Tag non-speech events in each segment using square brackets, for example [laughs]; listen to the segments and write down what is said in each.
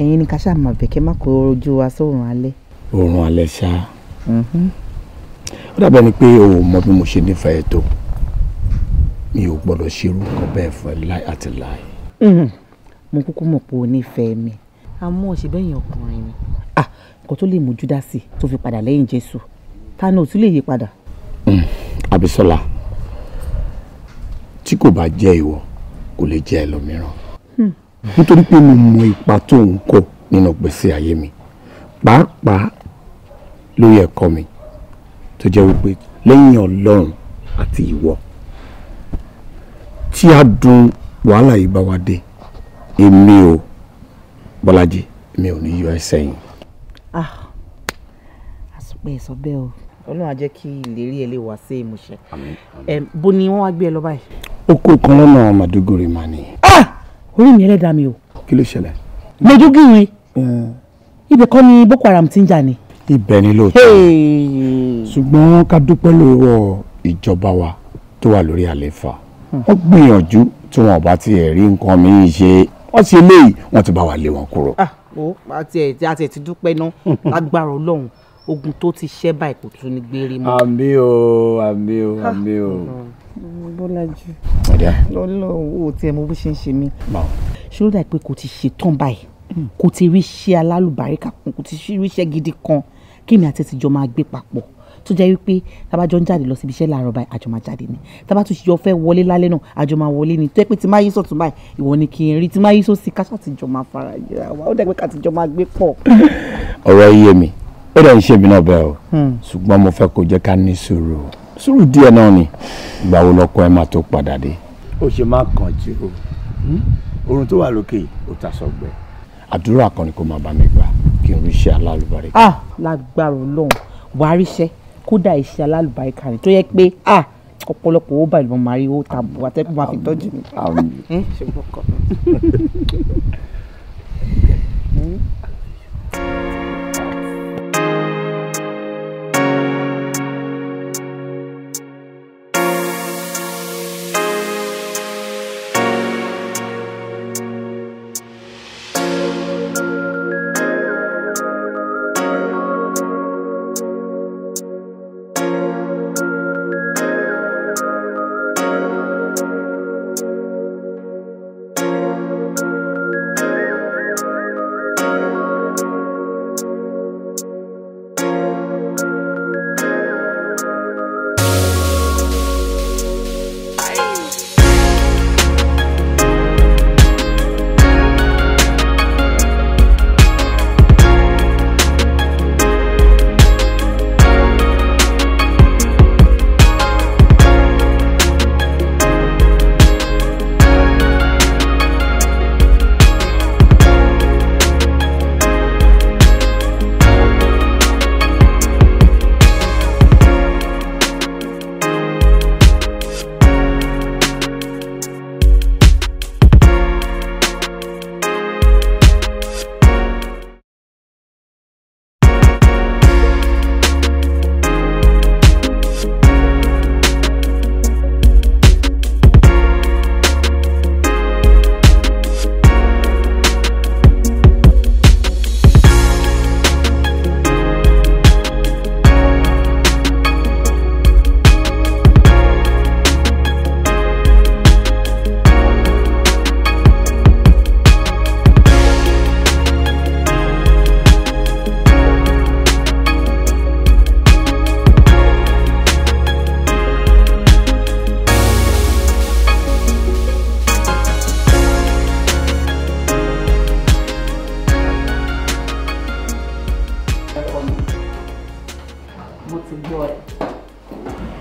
ẹ̀yin ni ká ṣáà máa bẹ̀kẹ́ má kó ojú wa sóòrùn alẹ́. oòrùn alẹ́ ṣá. Mm-hmm. ó dàbẹ̀ ni pé o ò mọ bí mo ṣe nífẹ̀ẹ́ tó mi ò gbọ́dọ̀ ṣerú nǹkan bẹ́ẹ̀ fún ẹ láì àti láì. Mm-hmm. mo kúkú mọ̀ pé o nífẹ̀ẹ́ mi àmọ́ òṣèbẹ́yìn ọkùnrin ni ah, nǹkan tó lè mú júdásì tó fi padà lẹ́yìn jésù ta ni ò tún lè yí padà. àbísọ́lá mm, tí kò bá jẹ́ ìwọ kò lè jẹ́ ẹlòmíràn nítorí pé mo mọ ipa tó ń kó nínú gbèsè ayé mi pàápàá lórí ẹ̀kọ́ mi tó jẹ́ wípé lẹ́yìn ọlọ́run àti ìwọ tí a dùn wàhálà yìí bá wa dé èmi o bọ́lájí èmi ò ní yọ ẹ́ sẹ́yìn. ah àsùpè sọ bẹ́ẹ̀ o ọlọ́run á jẹ́ kí ìlérí ẹ lè wá sí ìmúṣẹ. bó ni wọ́n wá gbé ẹ lọ báyìí. ó kan lọ́nà màdúgùrì màní. ah orí mi ẹlẹ́dàá mi o. kí ló ṣẹlẹ̀. lójú gírin ibẹ̀ ni boko haram ti ń jà ni. ibẹ̀ ni lóòótọ́ ṣùgbọ́n ká dúpẹ́ lọ́wọ́ ìjọba wa tó wà lórí àlééfà hmm. wọ́n gbìyànjú tí wọn bá tiẹ̀ rí nǹkan míì ṣe wọ́n ti léyìí wọ́n ti bá wa lé wọn kúrò. ah o àti ẹ̀ tí a ti dúpẹ́ náà lágbára [laughs] ọlọ́run ogun tó ti ṣẹ́ báyìí kò tún ní gbére mọ́. àmì o àmì o àmì o. bọ́lájú lọ́lọ́wọ́ tí ẹ mọ bó ṣe ń ṣe mí. ṣòro dà pé kò ti ṣetán báyìí kò ti rí iṣẹ́ alálùbáríkà kan kò ti rí iṣẹ́ gidi kan kí èmi àti ẹ ti jọ máa gbé papọ̀ tó jẹ́ wípé tábàjọ́ ń jáde lọ síbi iṣẹ́ làárọ̀ báyìí àjọ máa jáde ni tábàtún ṣe ọfẹ́ wọlé lálẹ́ náà àjọ máa wọlé ni tó yẹ pé tí máa yí sọ̀tún báyìí ìwọ ni kí n rí tí máa yí sọ̀sì káṣá ti jọ máa fara jẹra wa ó dẹ̀ pé ká ti jọ máa gbé pọ̀. ọ̀rọ̀ yé mi ó dẹ̀ ń ṣe mí náà bẹ́ẹ̀ o hmm. ṣùgbọ́n mo fẹ́ kó jẹ́ ká ní sùúrù sùúrù díẹ̀ náà ni ìgbà wo lọ́kọ ẹ máa tó padà dé. ó ṣe má kàn jí o hmm? orun tó wà lókè ò ta sọgbẹ. àdúrà kan ni kó máa bá mi gbà kí n rí iṣẹ́ alálùbáríkà. ah lágbára Ọlọ́run wàá ríṣẹ́ kódà iṣẹ́ alálùbáríkà ni tó yẹ pé ah ọ̀pọ̀lọpọ̀ owó báyìí ló máa rí owó tàbí àtẹkùn máa fi tọ́jú mi. Hmm? ṣùgbọ́n kọ́. [laughs]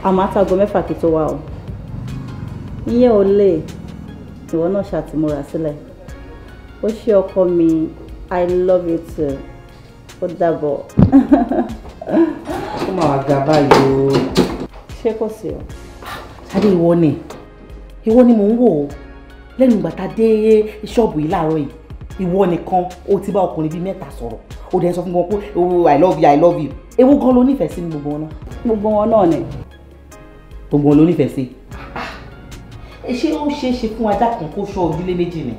àmọ́ àtàgọ́ mẹ́fà kí tó wà o ìyẹn ò lè ìwọ náà ṣàtìmúra sílẹ̀ ó ṣe ọkọ mi i love you too ó dàbọ̀. ó máa ga báyìí o. ṣé kò sí o. sáré ìwọ ni ìwọ ni mò ń wò ó lẹ́nu ìgbà tá a dé ṣọ́ọ̀bù yìí láàárọ̀ yìí ìwọ nìkan o ti bá ọkùnrin bíi mẹ́ta sọ̀rọ̀ o dẹ̀ sọ fún wọn pé oh, i love you i love you ewu gan ló nífẹ̀ẹ́ sí ní gbogbo wọn náà. gbogbo wọn náà ni tó gbọ́n ló nífẹ̀ẹ́ sí. Ah, ṣé ó ṣeé ṣe fún ajá kan kó ṣọ́ ojúlé méjì ni.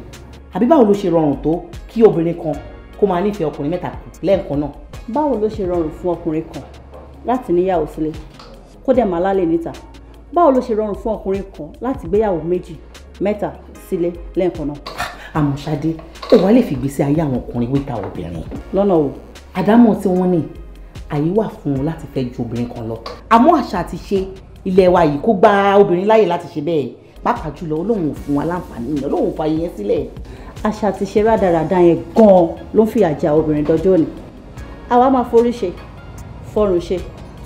àbí báwo ló ṣe rọrùn tó kí obìnrin kan kó máa nífẹ̀ẹ́ ọkùnrin mẹ́ta kù lẹ́ẹ̀kan náà. báwo ló ṣe rọrùn fún ọkùnrin kan láti níyàwó sílé kó dẹ̀ máa lálẹ́ níta báwo ló ṣe rọrùn fún ọkùnrin kan láti gbéyàwó méjì mẹ́ta sílé lẹ́ẹ̀kan náà. Ah, àmọ́ ṣadé ó wàá lè fi gbèsè ayé àwọn ọkùnrin wíta obìnrin. lọ́nà o. àdámọ̀ tí wọ́n ní àyè wà fún un láti fẹ́ ju obìnrin kan lọ àmọ́ àṣà àti ṣe ilẹ̀ wa yìí kó gba obìnrin láàyè láti ṣe bẹ́ẹ̀ pàápàá jùlọ Ọlọ́run ò fún wa láǹfààní yẹn Ọlọ́run ò fààyè yẹn sílẹ̀. àṣà àti ṣe rádaràda yẹn gan-an ló ń fìyà jẹ obìnrin dọjọ́ ni àwa máa forí ṣe fọrùn ṣe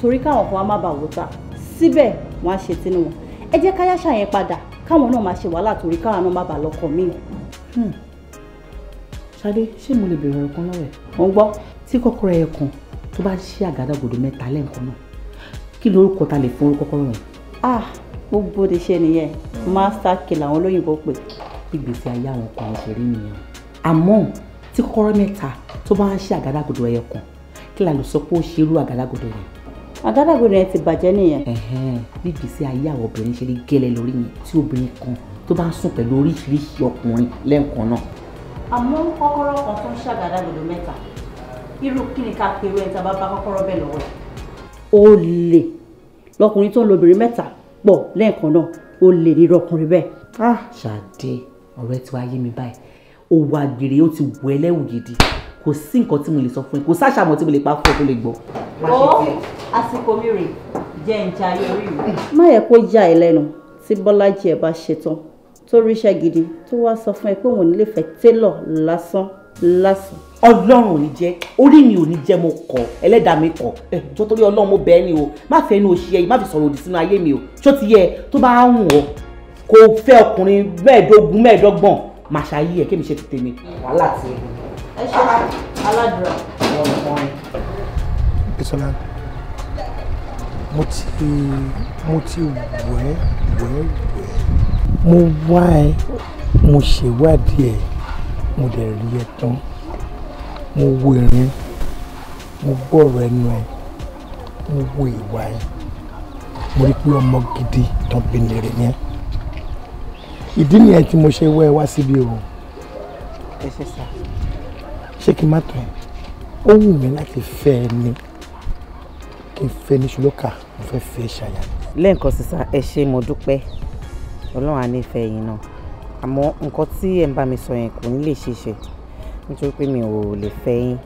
torí káwọn kan wá má bàa wò ta síbẹ̀ wọ́n á ṣe tinú wọn ẹ jẹ́ ká yáṣà yẹn padà káwọn náà máa ṣe wàhálà torí káwọn náà má bàa lọ́kọ míì. Hmm. Ṣadé ṣé mo lè bèrè ọ̀rọ̀ kan lọ́wọ́ ẹ̀. mo ń gbọ́. tí kọ́kọ́rọ́ ẹ̀ kan tó bá ṣí àgádágodo mẹ́ta lẹ́ǹkan náà kí lorúkọ ta lè fún orúkọ kọ́rọ̀ yẹn. ah gbogbo ti ṣe nìyẹn hmm. master key làwọn olóyìnbó pè. ìgbésí ayé àwọn ọkùnrin ṣe rí nìyẹn àmọ́ tí kọ́rọ́ mẹ́ta tó bá ń ṣe àgádágodo ẹyọ kan kí la lọ sọ pé ó ṣe irú àgádágodo yẹn. àgádágodo yẹn ti bàjẹ́ nìyẹn. bí ìgbésí ayé àwọn obìnrin ṣe rí gẹ́lẹ́ lórí yẹn tí obìnrin kan tó bá ń sùn pẹ̀lú oríṣiríṣi ọkùnrin lẹ́ǹkan náà. àmọ́ kọ́kọ́rọ́ kan tó ń ṣàgádágodo mẹ́ta irú kí ni ká pe ẹni tá a bá bá kọ́kọ́rọ́ bẹ́ẹ̀ lọ́wọ́ olè lọkùnrin tó ń lo obìnrin mẹ́ta pọ̀ lẹ́ẹ̀kan náà olè ní ọkùnrin bẹ́ẹ̀. ah ṣàdé ọ̀rẹ́ tí wàá yé mi báyìí òwò àgbèrè ó ti wù ẹ́ lẹ́wù gidi kò sí nǹkan tí mo lè sọ fún ẹ kò sáṣàmọ̀ tí mo lè pa fún ẹ tó lè gbọ́. ó oh, àsìkò mi rè jẹ́ ń ja ayé orí mi. má yẹ kó já ẹ lẹ́nu tí bọ́lájì ẹ̀ bá ṣetán tó ríṣẹ́ gidi tó wá sọ fún ẹ pé òun nílé fẹ́ télọ̀ lásán lásán ọlọ́run ò ní jẹ́ orí mi ò ní jẹ́ mo kọ̀ ẹlẹ́dàá mi kọ̀ ẹ eh, tó torí ọlọ́run mo bẹ́ẹ̀ ni o má fẹ́ inú oṣù yẹ yìí má fi sọ̀rọ̀ òdì sínú ayé mi o tó ti yẹ tó bá ń wọ̀ kó fẹ́ ọkùnrin mẹ́ẹ̀ẹ́dógún mẹ́ẹ̀ẹ́dọ́gbọ̀n máa ṣayé ẹ̀ kémi ṣe ti tèmi. wàhálà ti ẹ ṣe aládùúrà. Bísọ́lá mo ti mo ti wẹ̀ wẹ̀ wẹ̀ mo wá ẹ mo ṣèwádìí ẹ mo dẹ̀ rí ẹ tán mo wo ìrìn mo gbọ́rọ̀ ẹnu ẹ mo wo ìwà ẹ mo rí pé ọmọ gidi tán bìnrin yẹn ìdí nìyẹn tí mo ṣe wẹ́ ẹ wá síbi o. ẹ ṣe sá. ṣé kí n má tọ̀ ẹ́ ó wù mí láti fẹ́ ẹ ní kí n fẹ́ ní ṣùlọ́kà mo fẹ́ fẹ́ ṣàyà. lẹ́ǹkan sísá ẹ ṣé mo dúpẹ́ ọlọ́run á nífẹ̀ẹ́ yín náà àmọ́ nǹkan tí ẹ̀ ń bá mi sọ yẹn kò ní lè ṣeéṣe nítorí pé mi ò lè fẹ́ yín.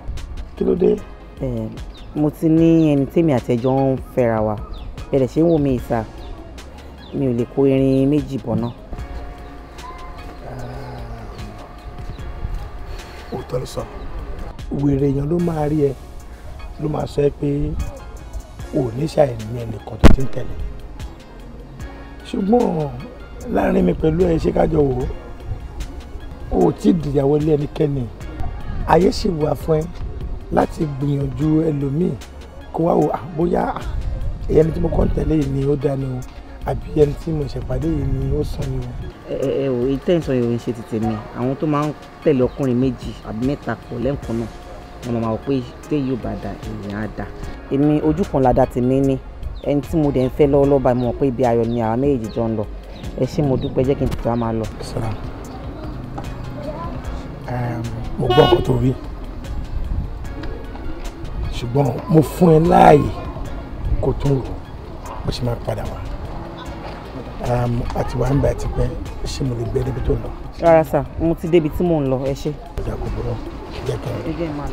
kí ló dé. mo ti ní ẹni tèmi àtẹjọ ń fẹ́ra wa bẹ̀rẹ̀ ṣe ń wò mí ìsà mi ò lè kó irin méjì bọ̀ náà. Ah, òótọ́ ló sọ wèrè èèyàn ló máa rí ẹ ló máa sọ ẹ pé ò ní ṣàìní ẹnìkan tó ti ń tẹ̀lé ṣùgbọ́n láàrin mi pẹ̀lú ẹ ṣé ká wò ó tí ì ilé ẹnikẹ́ni ayé ṣì wà fún ẹ láti gbìyànjú ẹlòmíì kó wá wò bóyá ẹni tí mo kàn tẹ̀lé yìí ni ó dání o àbí ẹni tí mo ṣèpàdé yìí ni ó sàn ni o. ẹ ẹ ò ìtẹ́ǹsọ yìí ò ń ṣe ti tèmi àwọn tó máa ń tẹ̀lé ọkùnrin méjì àbí mẹ́ta pọ̀ lẹ́ǹkan náà wọn máa wọ pé dé yóò bá da èèyàn á da. èmi ojú kan ládàá tèmi ní ẹni tí mo dẹ̀ ń fẹ́ lọ́wọ́lọ́wọ́ mo mọ̀ pé ibi ayọ̀ ni àwọn méjèèjì jọ ń lọ ẹ ṣé mo dúpẹ́ jẹ́ kí n tètè wá máa lọ. sọ́ra Ehm, mo gbọ́ nǹkan tó rí ṣùgbọ́n mo fún ẹ láàyè kó tún rò bó ṣe máa padà wá ehm, àti wàá ń bá ti pẹ́ ṣé mo lè gbé débi tó lọ. rárá sà mo ti débi tí mò ń lọ ẹ ṣe. ọjà kò burú jẹ́ kí n ẹ jẹ́ ìmọ̀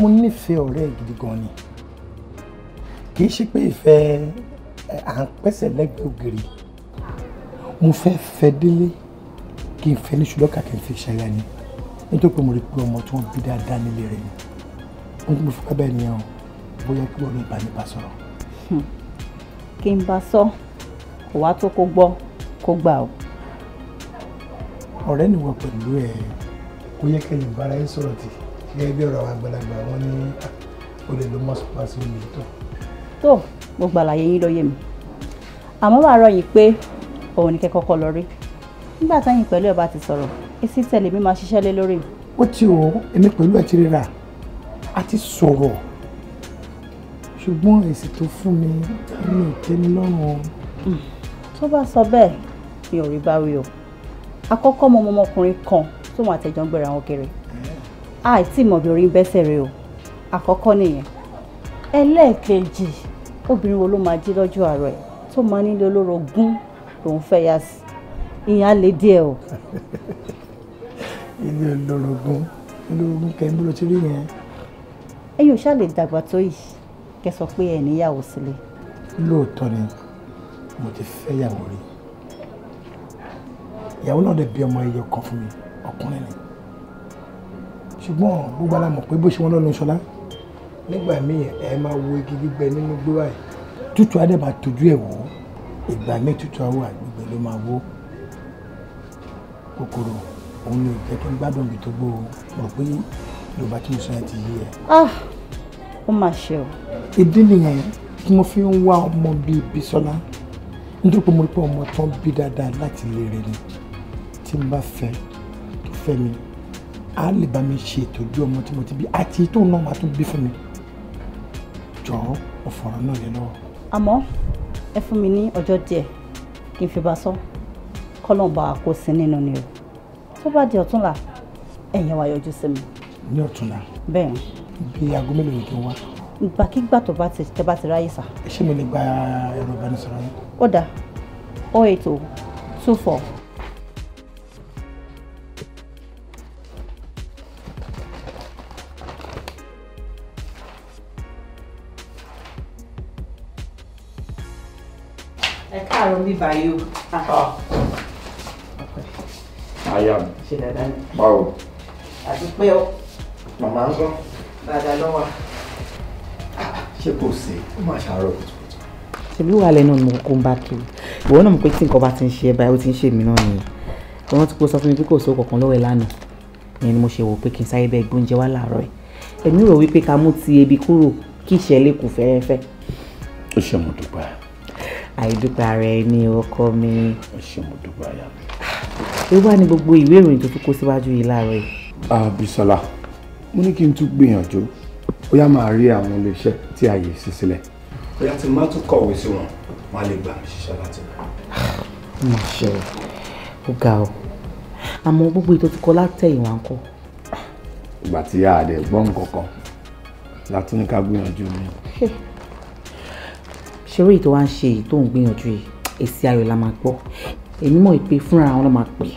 mo nífẹ̀ẹ́ ọ̀rẹ́ gidi gan ni kì í ṣe pé ìfẹ́ à ń pẹ́sẹ̀ lẹ́gbẹ̀ẹ́ ògiri mo fẹ́ fẹ́ délé kí n fẹ́ ní ṣùgbọ́n kàkẹ́ ń fi ṣayá ni nítorí pé mo rí pé ọmọ tí wọ́n bí dáadáa nílé rẹ̀ ni wọ́n ti mo fi bẹ́ẹ̀ ni ọ bóyá kí wọ́n lè bá mi bá sọ̀rọ̀. Hmm. kí n bá sọ kò wá tó kó gbọ́ kó gbà o. ọ̀rẹ́ nìwọ pẹ̀lú ẹ̀ kó yẹ kẹ́yìn bára yín sọ̀rọ̀ tì gẹ́gẹ́ bí ọ̀rọ̀ àgbàlagbà wọn ní olè ló mọ̀ sí pàṣẹ gbogbo àlàyé yín ló yé mi àmọ́ wàá rọ̀ yìí pé òun ni kẹ́kọ́kọ́ lọ rí nígbà táyìn pẹ̀lú ẹ̀ bá ti sọ̀rọ̀ èsì tẹ̀lé mi máa ṣiṣẹ́ lé lórí. ó ti wọ èmi pẹ̀lú ẹ̀ ti ríra a ti sọ̀rọ̀ ṣùgbọ́n èsì tó fún mi mi ò tẹ́ mi lọ́rùn. Hmm. tó bá sọ bẹ́ẹ̀ mi ò rí báwí o àkọ́kọ́ mọ ọmọkùnrin kan tó wọn àtẹ̀jọ́ ń gbéra wọn kiri àìsí mọ̀ bí orí ń bẹ́sẹ̀ rẹ o àkọ́kọ́ nìyẹn ẹlẹ́ẹ̀kejì obìnrin wo ló máa jí lọ́jọ́ àárọ̀ ẹ̀ tó máa nílé olóró gún lòún fẹ́ yá sí ìyẹn á lè díẹ̀ o. ilé olóró gún olóró gún kẹ́ ń búrò tí rí yẹn. ẹ̀yin ò ṣáà lè dàgbà tó yìí kẹ́ sọ pé ẹ níyàwó sílé. lóòótọ́ ni mo ti fẹ́ yàwó rí ìyàwó náà dẹ̀ bí ọmọ ẹyọ kan fún mi ọkùnrin ni ṣùgbọ́n gbogbo alamọ̀ pé bó ṣe wọn lọ́nu ṣọlá nígbà míì ẹ máa wo igi gbígbẹ nínú gbó báyìí tútù adẹ́bà tójú ẹ̀ wò ìgbà míì tútù awọ àgbègbè ló máa wó kòkòrò òun ni ìjẹ́ tó ń gbádùn ibi tó gbó o rò pé yorùbá tí mo sọ yẹn ti yí ẹ. Ah, ó mà ṣe o. ìdí nìyẹn tí mo fi ń wá ọmọ bíi bisola nítorí pé mo rí pé ọmọ tó ń bí dáadáa láti lè rè ni tí n bá fẹ́ tó fẹ́ mi á lè bá mi ṣe ìtọ́jú ọmọ tí mo ti bí àti tó náà máa tún bí fún mi jọ̀ọ́ mo fọ̀rọ̀ náà yẹn lọ́wọ́. àmọ́ ẹ fún mi ní ọjọ́ díẹ̀ kí n fi bá sọ kọ́lọ́n bá sí nínú ni o tó bá di ọ̀túnla ẹ̀yin wá yọjú sí mi. ní ọ̀túnla. bẹ́ẹ̀ ni. bí aago mélòó ni kí n wá. ìgbàkigbà tó bá ti tẹ bá ti ráyè sá. ṣé mo lè gba ẹ̀rọ ìbánisọ̀rọ̀ yẹn. ó dáa oh eight oh bí ah ah àyà mi. ṣe dáadáa ni. báwo. àdúpẹ́ o. màmá ń gbọ́. dáadáa ló wà. ṣé kò sí ó máa ṣàárọ̀ kùtùkùtù. ṣèbí wàá lẹ́nu ni mo ń bá kiri ìwọ náà mo pé tí nǹkan bá ti ń ṣe ẹ báyìí ó ti ń ṣe mí náà nìyẹn wọn ti kó sọ fún mi pé kò sówó kankan lọ́wọ́ ẹ lánàá ìyẹn ni mo ṣe wò pé kí n sáré bẹ́ẹ̀ gbóúnjẹ wá láàárọ̀ ẹ̀ èmi rò wípé ká mú ti ebi kúrò kí ìṣẹ̀lẹ̀ kù fẹ́ẹ́fẹ́. ó ṣe mo dúpẹ́ àìdúpẹ́ ara ẹni ọkọ mi. ẹ ṣe mo dúpẹ́ àyà mi. ewu wá ní gbogbo ìwé ìròyìn tó tún kó síwájú yìí láàárọ̀ yìí. Abisola mo ní kí n tún gbìyànjú bóyá máa rí àwọn iléeṣẹ́ tí ààyè sí sílẹ̀. bóyá tí má tún kọ̀wé sí wọn wọn á lè gbà mí ṣiṣẹ́ láti rẹ̀. mà ṣe ó ga ọ àmọ́ gbogbo ètò ti kọ látẹ̀yìnwá ń kọ́. ìgbà tí a dẹ̀ gbọ́ nǹkan kan la gbìyànjú mi ṣeré èyí tó ń ṣe èyí tó ń gbìyànjú yìí èsì ayọ̀ la máa gbọ́ èmi mọ̀ pé fúnra wọn ló pè.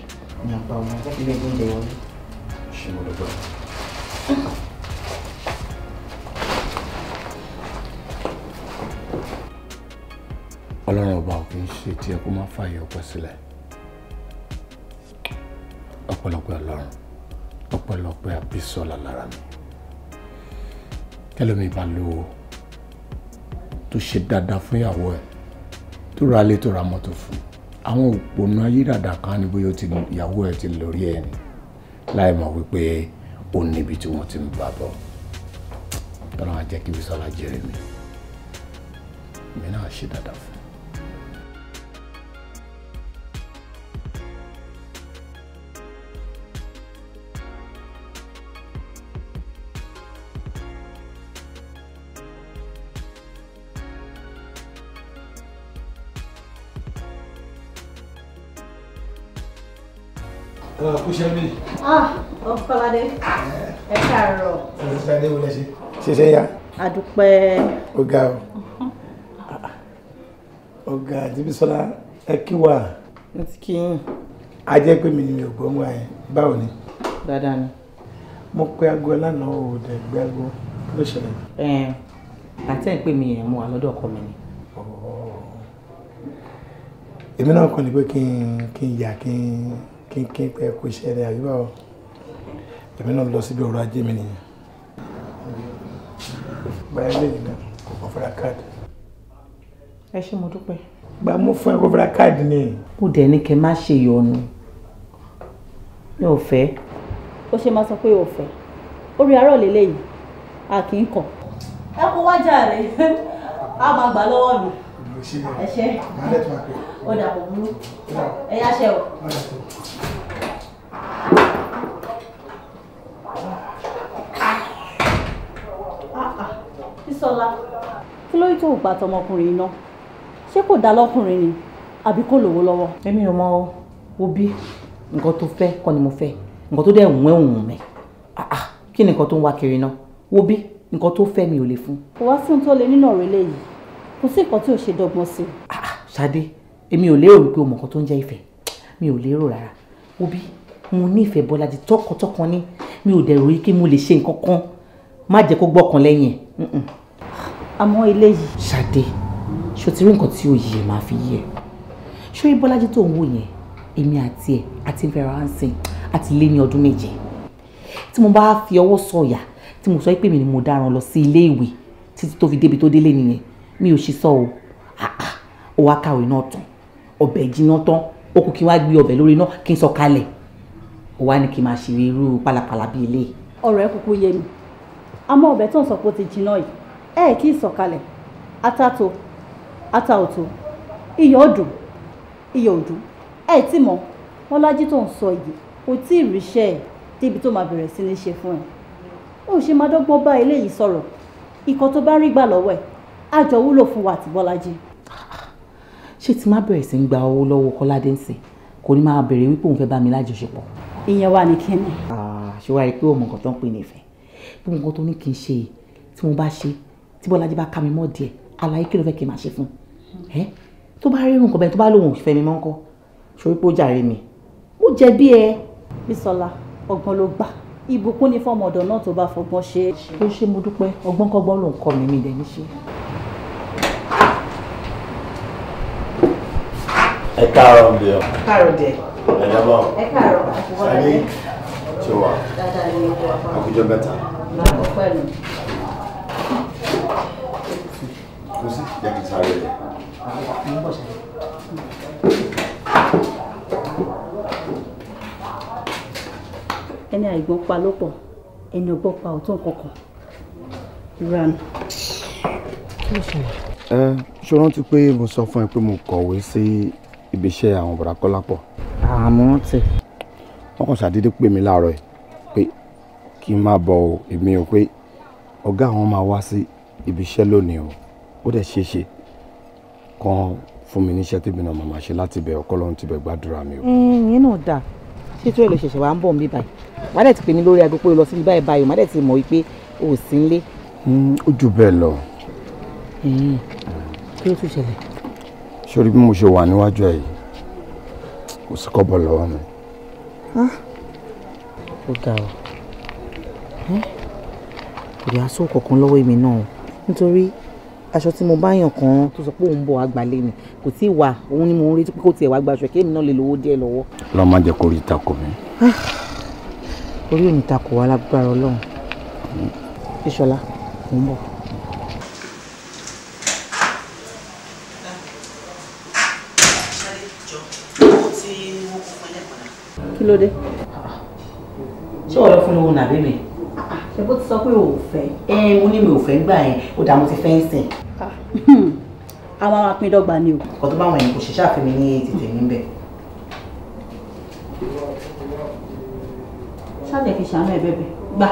ọlọ́run ọba ò kì í ṣe tiẹ̀ kó má fààyè ọpẹ́ sílẹ̀ ọpẹ́lọpẹ́ ọlọ́run ọpẹ́lọpẹ́ àbísọ́lá lára mi kẹlẹ́mi bá lówó tó ṣe dáadáa fún ìyàwó ẹ̀ tó ra ilé tó ra mọ́tò fún àwọn òpònú ayédàdà kan ni bóyá ìyàwó ẹ̀ ti lórí ẹ̀ ni láì mọ̀ wípé ó níbi tí wọ́n ti ń bá bọ̀ tọ́lá wa jẹ́ kí Bísọ́lá jèrè mi mi náà ṣe dáadáa fún. ah mi. ọ̀pọ̀ládé ẹ káàárọ̀. ọ̀pọ̀ládé adé wọlé ṣe. ṣiṣẹ́ ya. àdúpẹ́. ọ̀gá o ọ̀gá o ẹ kí wà. mo ti kí yín. a jẹ́ pé mi ni mi ò gbọ́ wá ẹ báwo ni. dáadáa ni. mo pe aago lánàá ò dẹ̀ gbé aago ló ṣẹlẹ̀. ẹ àtẹ̀ ń pè mí yẹn mo wà lọ́dọ̀ ọkọ mi ni. èmi náà kàn ní pé kí n yà kí kínkín pé kò iṣẹ́ rẹ̀ àyíbá o èmi náà lọ síbi ọ̀rọ̀ ajé mi nìyẹn gba ilé yìí náà kò kọ́ fara káàdì. ẹ ṣé mo dúpẹ́. gba mú fún ẹ kó fara káàdì ni. mo dẹ̀ ní kẹ́ má ṣe yọnu mi ò fẹ́. ó ṣe máa sọ pé ò fẹ́ orí arọ́ lélẹ́yìí a kì í kọ̀. ẹ kó wájà rẹ̀ [laughs] a máa gbà lọ́wọ́ mi. ẹ ṣé o da pọ̀ mú ẹ yá ṣe o. sísọlá kí ló tó gbà tọmọkùnrin iná ṣé kò dá lọkùnrin ni àbí kò lówó lọ́wọ́. èmi ò mọ òbí nǹkan tó fẹ́ kọ́ ni mo fẹ́ nǹkan tó dẹ̀ ń wẹ́ òun mẹ́ kí ni nǹkan tó ń wá kiri náà wo bí nǹkan tó fẹ́ mi ò lè fún. kò wá sí ohun tó le nínú ọ̀rọ̀ eléyìí kò sí nǹkan tí ò ṣe dọ́gbọ́n sí. ṣadé èmi ò lérò wípé o mọ̀ nǹkan tó ń jẹ́ ìfẹ́ mi ò lérò rárá òbí mo nífẹ̀ẹ́ Bọ́lájí tọkàntọkàn ni mi ò dẹ̀rù yìí kí mo lè ṣe nǹkan kan má jẹ́ kó gbọ́kàn lẹ́yìn ẹ̀. àmọ́ eléyìí. Ṣadé ṣó ti rí nǹkan tí o yìí máa fi yí ẹ ṣó yí Bọ́lájí tó ń wò yẹn èmi àti ẹ àti vera hansen àti lé ní ọdún méje tí mo bá fi ọwọ́ sọ̀yà tí mo sọ pé mi ni mo dáràn lọ sí ilé ìwé títí tó fi débi tó délé nìyẹn mi ò ṣe sọ o ó wá kàwé náà tán ọbẹ̀ jiná tán ó kù kí n wá gbé ọbẹ̀ lórí iná kí n sọ kalẹ̀ ó wá ní kí n máa ṣe irú pálapàla bíi ilé. ọ̀rọ̀ ẹ kúkú yé mi àmọ́ ọbẹ̀ tó ń sọ pé ó ti jiná yìí ẹ kì í sọ̀kalẹ̀ ata tó ata ò tó iyọ̀ dùn iyọ̀ dùn ẹ tí mọ̀ Bọ́lájí tó ń sọ yìí kò tí ì ríṣẹ́ ẹ̀ débi tó máa bẹ̀rẹ̀ sí ní ṣe fún ẹ ó ṣe máa dọ́gbọ́n bá eléyìí sọ̀rọ̀ ikọ̀ tó bá rí gbà lọ́wọ́ ẹ̀ àjọ wúlò fún wa àti ṣé tí má bẹ̀rẹ̀ sí ń gba owó lọ́wọ́ kọ́ládé ń sìn kò ní máa bẹ̀rẹ̀ wípé òun fẹ́ bá mi lájọṣepọ̀. ìyẹn wà ní kẹ́ni. ṣé wàá rí i pé òmùgọ̀ tó ń pè ní ìfẹ́ bí mo kàn tó ní kí n ṣe tí mo bá ṣe tí bọ́lájí bá ká mi mọ́ díẹ̀ àlàyé kí ló fẹ́ kí n máa ṣe fún hmm. ẹ tó bá rí nǹkan bẹ́ẹ̀ tó bá lóun fẹ́ mi mọ́ ṣorí pé ó jàre mi ó jẹ bí ẹ. Bísọ́lá ẹ káàárọ̀ bí ọ. káàárọ̀ dẹ. ẹ dábọ̀. ẹ káàárọ̀ àti wọ́n dẹ. ṣé wà. dáadáa ni mo wà fún. àkójọ mẹ́ta. máa bọ̀ pẹ̀lú. kò sí jẹ́ kí sáré rẹ̀. mo ń bọ̀ sẹ́yìn. ẹni àìgbọ́n pa ló pọ̀ ẹni ọgbọ́n pa ọ̀tún kankan ran. ẹ ṣe rántí pé mo sọ fún ẹ pé mo kọ̀wé sí ibi iṣẹ́ àwọn bọ̀dà Kọ́lápọ̀. àmọ́ tẹ. wọ́n kàn ṣàdédé pè mí láàárọ̀ ẹ̀ pé kí n má bọ̀ o èmi ò pé ọ̀gá àwọn máa wá sí ibi iṣẹ́ lónìí o ó dẹ̀ ṣeé ṣe kan fún mi níṣẹ́ tèmi náà màmá ṣe láti bẹ̀ ọkọ́ lọ́run ti bẹ̀ gbàdúrà mi o. Mm, ìyẹn náà dáa ṣé tó ẹ lọ ṣẹ̀ṣẹ̀ wá ń bọ̀ mí báyìí wàá dẹ̀ ti pè mí lórí aago o lọ síbi báyìí báyìí wàá dẹ̀ ti mọ̀ wípé o ò sí nílé. Mm, ó jù bẹ́ẹ̀ lọ. kí ló tún ṣẹlẹ̀ sórí bí mo ṣe wà níwájú ẹ yìí kò sí kọ́bọ̀ lọ́wọ́ mi. ó ga ọ kò dé aṣọ kankan lọ́wọ́ èmi náà nítorí aṣọ tí mo bá yàn kan tó sọ pé òun bọ̀ àgbàlẹ̀ ni kò tí ì wà òun ni mo ń retí pé kò tiẹ̀ wá gbaṣọ kí èmi náà lè lówó díẹ̀ lọ́wọ́. lọ́ọ́ má jẹ́ kó rí ìtakò mi. orí òní ìtakò wa lágbára ọlọ́run. ìṣọlá mò ń bọ̀. kí ló dé. ṣé ọ̀rọ̀ fún lówó nàbí mi. ṣe bó ti sọ pé o ò fẹ́ ẹ mo ní mi ò fẹ́ gbà ẹ ó dààmú ti fẹ́ ń sìn. àwọn àwọn apin dọ́gba ni o. ọkọ tó bá wọn yẹn kò ṣe ṣáàfin mi ní tètè mi bẹ. ṣáàjẹ̀ fi ṣàánú ẹ bẹ́ẹ̀ gbà.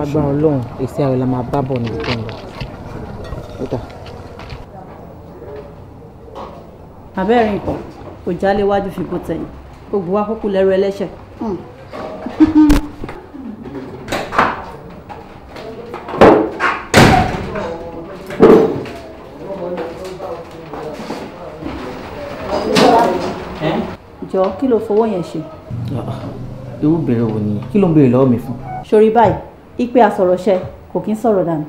lágbára ọlọ́run èsì ayọ̀ la máa bá bọ̀ níbi tó ń lọ. àbẹ́rẹ́ nǹkan kò jálé wájú fi kó tẹ̀yìn gbogbo wa kúkú lẹ́rù ẹlẹ́ṣẹ̀. Hmm. [laughs] jọ kí ló fowó yẹn ṣe. Ah, irú bèrè wo nìyẹn kí ló ń béèrè lọ́wọ́ mi fún. sori báyìí ìpè àsọ̀rọ̀ṣẹ kò kí ń sọ̀rọ̀ dànù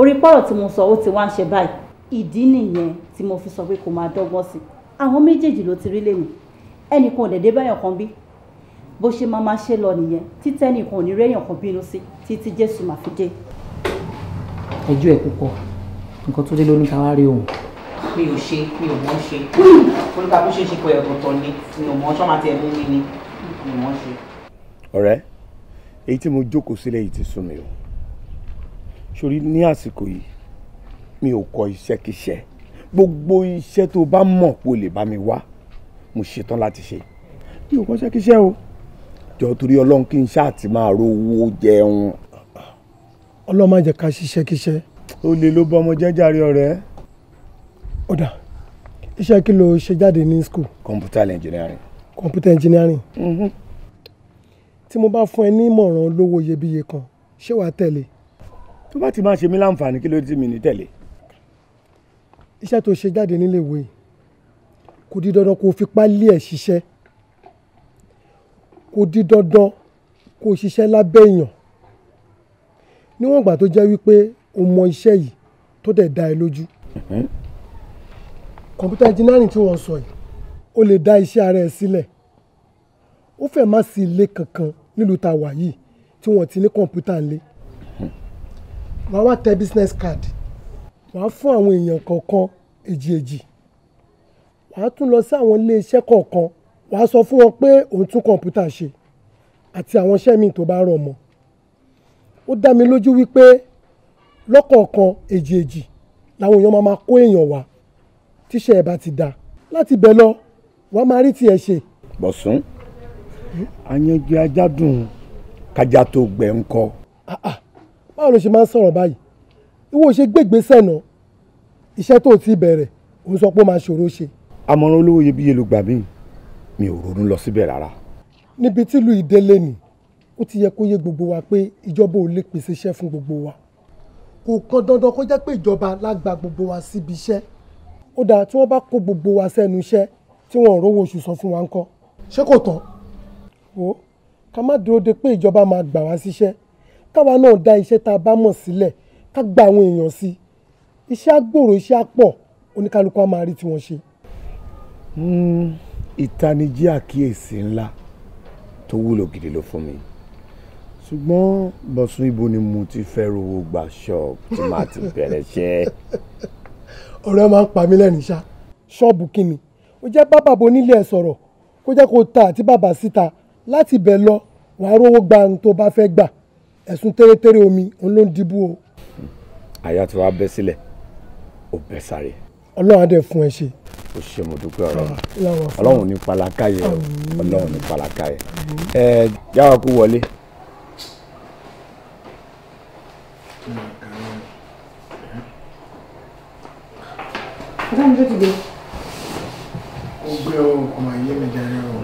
orí pọ̀rọ̀ tí mo sọ ó ti wá ń ṣe báyìí ìdí nìyẹn tí mo fi sọ pé kò máa dọ́gbọ́n sí àwọn méjèèjì ló ti rí lèmi ẹnìkan ò dẹ̀dẹ̀ báyọ̀ kan bí bó ṣe máa máa ṣe lọ nìyẹn títẹ́ nìkan ò ní réyàn kan bínú sí títí Jésù máa fi dé. ẹjọ́ ẹ̀ púpọ̀ nǹkan tó dé ló ní ká wá rí òun. mi ò ṣe mi ò mọ̀ ṣe oníkàkú ṣe é ṣe pé ẹ̀rọ tọ̀ ni mi ò mọ̀ ṣọ́ máa ni mi ò mọ̀ èyí tí mo jókòó sílẹ̀ yìí ti sún mi o sórí ní àsìkò yìí mi ò kọ iṣẹ́kíṣẹ́ gbogbo iṣẹ́ tó bá mọ̀ pé o lè bá mi wá mo ṣetán láti ṣe mi ò kọ iṣẹ́kíṣẹ́ o jọ torí ọlọ́run kí n ṣáà ti máa rówó jẹun. ọlọ́run má jẹ́ ká ṣiṣẹ́kíṣẹ́. o lè ló bọ́ jẹ́jàre ọ̀rẹ́. ó iṣẹ́ kí lo ṣe jáde ní school. computer engineering. computer engineering. Mm-hmm tí mo bá fún ẹ ní ìmọ̀ràn olówó iyebíye kan ṣé wàá tẹ̀lé. tó bá ti máa ṣe mí láǹfààní kí ló dé mi ní tẹ̀lé. iṣẹ́ tó ṣe jáde nílé ìwé kò di dandan kó o fi pálí ẹ̀ ṣiṣẹ́ kò di dandan kó o ṣiṣẹ́ lábẹ́ èèyàn níwọ̀n ìgbà tó jẹ́ wípé o mọ iṣẹ́ yìí tó dẹ̀ dá ẹ lójú. kọ̀ǹpútà engineering tí wọ́n sọ yìí o lè dá iṣẹ́ ara ẹ sílẹ̀ ó fẹ́ má sí ilé kankan nílùú tá a wà yìí tí wọ́n ti ní kọ̀ǹpútà ńlẹ̀ wàá wá tẹ business card wàá fún àwọn èèyàn kọ̀ọ̀kan èjì èjì wàá tún lọ sí àwọn iléeṣẹ́ kọ̀ọ̀kan wàá sọ fún wọn pé òun tún kọ̀ǹpútà ṣe àti àwọn iṣẹ́ míì tó bá rọ̀ mọ́ ó dá mi lójú wípé lọ́kọ̀ọ̀kan èjì làwọn èèyàn máa máa kó èèyàn wá tíṣẹ́ ẹ̀ bá ti dá láti bẹ̀ lọ wàá máa rí tiẹ̀ ṣe. bọ̀sùn àyànjú ajádùn kájà tó gbẹ ń kọ. Ah, ah. báwo ló ṣe máa ń sọ̀rọ̀ báyìí ìwọ ṣe gbégbé sẹ́nà iṣẹ́ tó ti bẹ̀rẹ̀ òun sọ pé ó máa ṣòro ṣe. àmọ̀ràn olówó iyebíye ló gbà mí mi ò ronú lọ síbẹ̀ rárá. níbi tílu ìdélé ni ó ti yẹ kó yé gbogbo wa pé ìjọba ò lè pèsè iṣẹ́ fún gbogbo wa kò kan dandan kó jẹ́ pé ìjọba la gba gbogbo wa síbi iṣẹ́ ó dáa tí wọ́n bá kó gbogbo wa sẹ́nu iṣẹ́ tí wọ́n ò rówó oṣù san fún wa ńkọ́ ṣé kò tán wo ká má dúró de pé ìjọba máa gbà wá síṣẹ́ káwa náà dá iṣẹ́ tá a bá mọ̀ sílẹ̀ ká gba àwọn èèyàn sí iṣẹ́ àgbòrò iṣẹ́ àpọ̀ oníkálukú á máa rí tiwọn ṣe. Hmm, ìtanijí àkíyèsí ńlá tó wúlò gidi ló fún mi ṣùgbọ́n bọ̀sùn ibo ni mo ti fẹ́ rówó gba ṣọ́ọ̀bù tí màá ti bẹ̀rẹ̀ ṣẹ́. ọ̀rẹ́ máa ń pa mí lẹ́nu ṣá ṣọ́ọ̀bù kí ni ó jẹ́ bá bàbá onílé ẹ̀ sọ̀rọ̀ kó jẹ́ kó ta àti bàbá síta láti bẹ̀ lọ wàá rówó gba ohun tó bá fẹ́ gbà ẹ̀sùn tẹ́rẹ́tẹ́rẹ́ omi òun ló ń dìbò o. àyà tí wàá bẹ́ sílẹ̀ ò bẹ́ sáré. ọlọ́run á dẹ̀ fún ẹ ṣe. o ṣe mo dúpẹ́ ọ̀rọ̀ ọlọ́run ní palaka yẹ ọlọ́run ní palaka yẹ ẹ yàrá kú wọlé. ọgbẹ́ ọkùnrin ayé mi jẹ́ rẹ́ o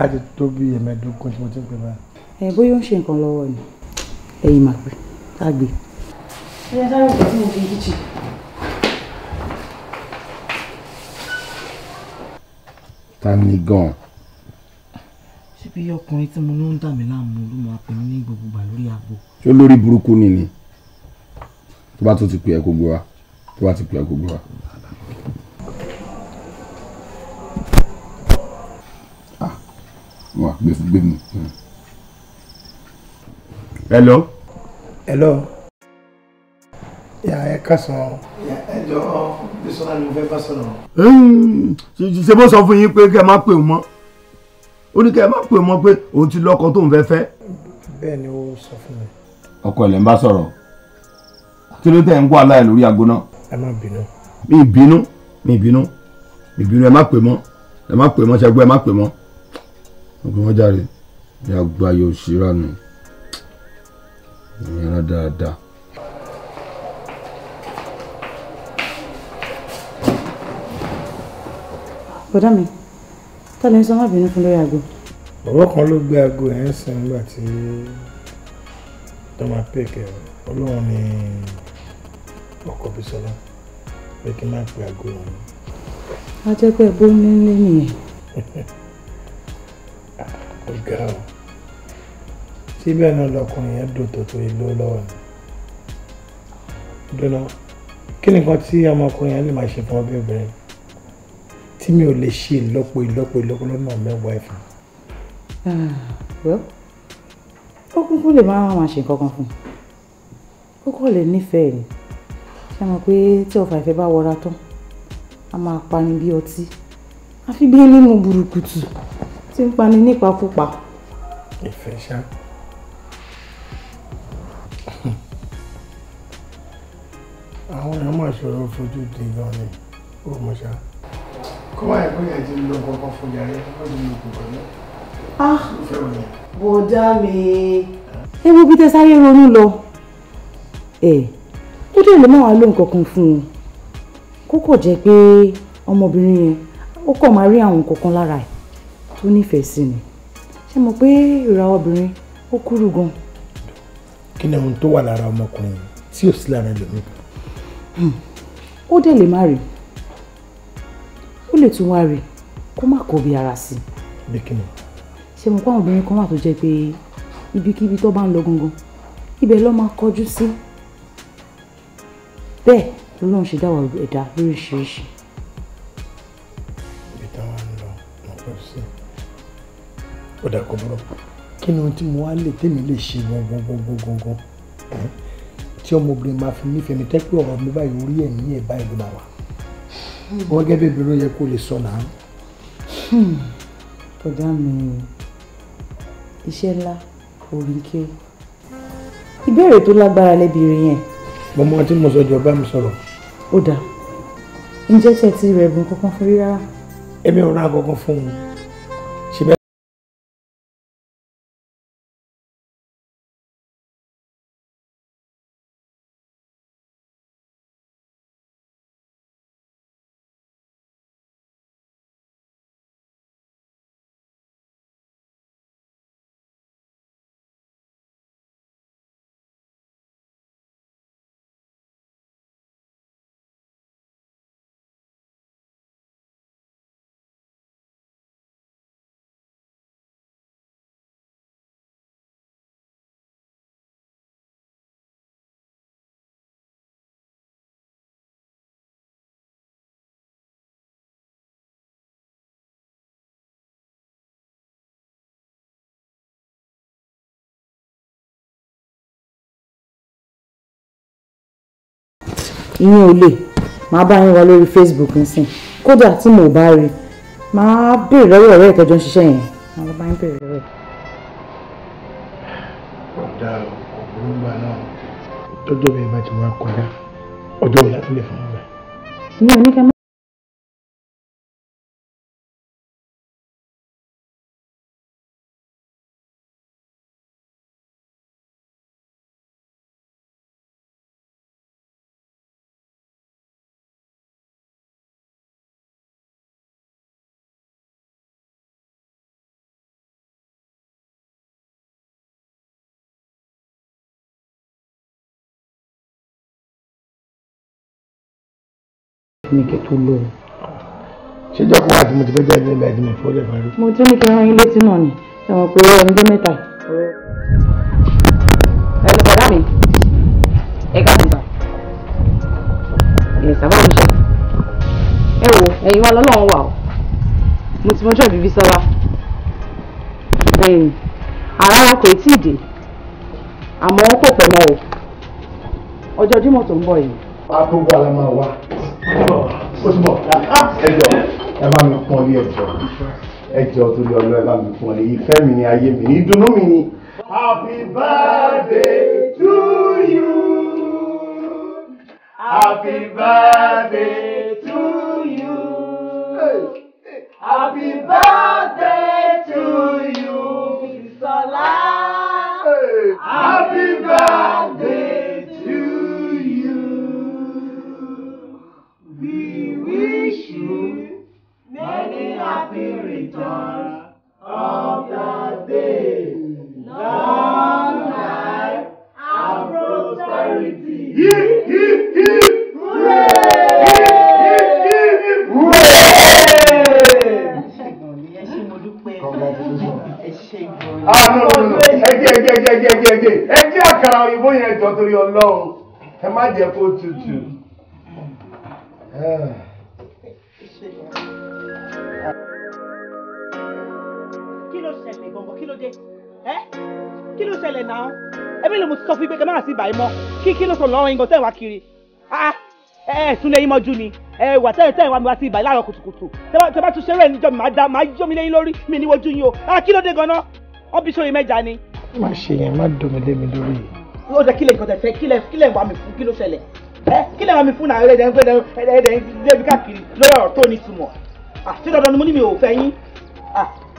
a ti tó bí ẹ̀mẹ́ẹ̀dógún tí mo ti ń pè báyìí. ẹ bóyá ó ń ṣe nǹkan lọ́wọ́ ni ẹ̀yin máa pè á gbé. ẹ jẹ́ sáré òkè tí mo fi kíchì. ta ni gan-an. ṣé bí ọkùnrin tí mo ní ń dà mí láàmú ló máa pè mí ní gbogbo ìgbà lórí aago. ṣé olórí burúkú ni ni tó bá tún ti pè é kó gbé wa tó bá ti pè é kó gbé wa. wà gbé fún gbé mu. hello. hello. yà ẹ ká sọ. ẹ jọ bisola ni mo fẹ́ bá sọ̀rọ̀. Hmm, ṣe bó sọ fún yín pé kẹ́ ẹ má pè mọ́ ó ní kẹ́ ẹ má pè mọ́ pé òun ti lọ́kọ tóun fẹ́ fẹ́. bẹ́ẹ̀ ni ó sọ fún mi. ọkọ ẹ̀ lẹ́ ń bá sọ̀rọ̀ kí ló tẹ̀ ń kó aláì lórí aago náà. ẹ má bínú. mi bínú mi bínú mi bínú ẹ má pè mọ́ ẹ má pè mọ́ ṣẹgbẹ́ ẹ má pè mọ́ ọgbọ́n wọn jáde bí agbáyé òṣìṣẹ́ ránù ìyẹn dáadáa. bọ́dá mi tọ́lẹ̀ ń sọ má bínú fún lórí aago. bàbá kan ló gbé aago ẹ̀ ń nígbà tí tó pè kẹ́ ọlọ́run ni ọkọ̀ Bísọ́lá pé kí n má pe aago ọ̀hún. a jẹ́ pé bó nílé nìyẹn. [laughs] ọ̀gá o síbẹ̀ náà lọkùnrin yẹn dùn tòótọ́ ìlú lọ́wọ́ ni dùnà kí nìkan tí ọmọkùnrin yẹn lè máa ṣe fún ọbẹ̀ obìnrin tí mi ò lè ṣe ìlọ́po ìlọ́po ìlọ́po lọ́nà mẹ́wàá ẹ̀fọn. Ah, ó kúkú lè máa máa ṣe nǹkan kan fún un ó kọ́ lè nífẹ̀ẹ́ ni ṣé mo pé tí ọ̀fà ìfẹ́ bá wọra tán a máa pani bí ọtí àfi bí nínú burúkutu tí ń pani nípakúpa. ìfẹ́ ṣá. àwọn èèyàn máa ṣòro fojú di gan ni ó mọ̀ ṣá. kó má yẹ kó yẹ ti lo kọ́kọ́ fún yàrá ah! yẹn kó lè lo kòkòrò náà. ah bọ̀dá mi. ẹ wo bí tẹ sáré ronú lọ ẹ tó dé lè má wàá lóhùn kankan fún un kókò jẹ́ pé ọmọbìnrin yẹn ó kàn máa rí àwọn kankan lára ẹ̀ tó nífẹ̀ẹ́ sí ni ṣé mo pé ìra obìnrin ó kúrú gan. kí ni ohun tó wà lára ọmọkùnrin tí ò sí lára ẹlòmíì. Hmm. ó dẹ̀ lè má rí ó lè tún wá rí kó má kó bí ara sí. bí kí ni. ṣé mo pé àwọn obìnrin kan wà tó jẹ́ pé ibikíbi tó bá ń lọ gangan ibẹ̀ ló máa kọjú sí bẹ́ẹ̀ lọ́lọ́run ṣe dá ẹ̀dá lóríṣiríṣi. ó dà kó burú kí ni ohun tí mo wá lè tèmi lè ṣe gangan tí ọmọbìnrin máa fi nífẹ̀ẹ́ mi tẹ́pẹ́ ọ̀rọ̀ mi báyìí orí ẹ̀mí ẹ̀ báyìí ló máa wà wọ́n gẹ́gẹ́ bí ló yẹ kó lè sọ náà. kọjá hmm. mi iṣẹ́ ńlá orí ké ìbéèrè tó lágbára lẹ́bìrì yẹn. mo mọ tí mo sọ jọ bá mi sọ̀rọ̀. ó dáa ǹjẹ́ tí ẹ ti rẹ̀ bùn kankan fún rí rárá. ò rà kankan fún un. ìyẹn ò lè màá bá yín wá lórí Facebook nsìn kódà tí mo bá rí màá béèrè lọ́wọ́ ọ̀rẹ́ ìtọ́jú ń ṣiṣẹ́ yẹn màá bá yín béèrè lọ́wọ́ ẹ̀. ọ̀dà ògbóngbà náà tọ́jú mi máa ti wá kọjá ọjọ́ ìyá tó lè fún mi. ní ká má fún mi kẹ́ tó lọ. ṣéjọ́ kan wà tí mo ti fẹ́ jáde nígbà tí mo fọ́ lẹ̀ parí. mo tún ní kí wọ́n yín létí náà ni ẹ̀wọ̀n pé ẹni dé mẹ́ta. ẹ lọ bọ̀dá mi ẹ ká ti gbà ẹ sábà mi ṣe ẹ wo ẹ̀yin wa lọ́lọ́run wà o mo ti mọjọ́ bíbí sọ́wọ́ bẹ́ẹ̀ni ara wọn kò tí ì dé àmọ́ kò pẹ́ mọ́ o ọjọ́ Jímọ̀ tó ń bọ̀ yìí. agogo àlàmà wa ó túbọ̀ ah, ẹjọ́ ẹ bá mi pọ́n lé ẹjọ́ ẹjọ́ tó lé ọlọ́ ẹ bá mi pọ́n happy birthday to you happy birthday to you happy birthday to you happy birthday. of the day. Long life and prosperity. Hip, hip, hip. Ah, no, no, no. Ẹjẹ ẹjẹ ẹjẹ ẹjẹ ẹjẹ ẹjẹ ẹjẹ àkàrà òyìnbó yẹn jọ torí Ọlọ́run ẹ má jẹ́ kó tutù. dé ẹ kí ló ṣẹlẹ̀ náà ẹbí ló mo ti sọ fún yín pé kẹ má sí ibà yín mọ́ kí kí ló sọ lọ́wọ́ yín gan tẹ́ ẹ̀ wá kiri ẹ ẹ sún lẹ́yìn mọ́jú ni ẹ wà tẹ́ ẹ tẹ́ ẹ wà mí wá sí ibà yín láàárọ̀ kùtùkùtù tẹ́ bá tún ṣeré níjọ́ mi máa yọ mi lẹ́yìn lórí mi níwọ́jú yín o kí ló dé gan-an wọ́n bí sórí mẹ́ja ni. má ṣe yẹn má domi lé mi lórí yìí. ó jẹ́ kílẹ̀ nǹkan tẹ̀ fẹ́ kílẹ̀ kílẹ̀ wà mí fún kí ló ṣẹlẹ̀ ẹ kílẹ̀ wà mí fún náà ẹ̀rẹ́dẹ̀ ẹ̀rẹ́dẹ̀ ẹ̀rẹ́dẹ̀ ẹ̀rẹ́dẹ̀ káàkiri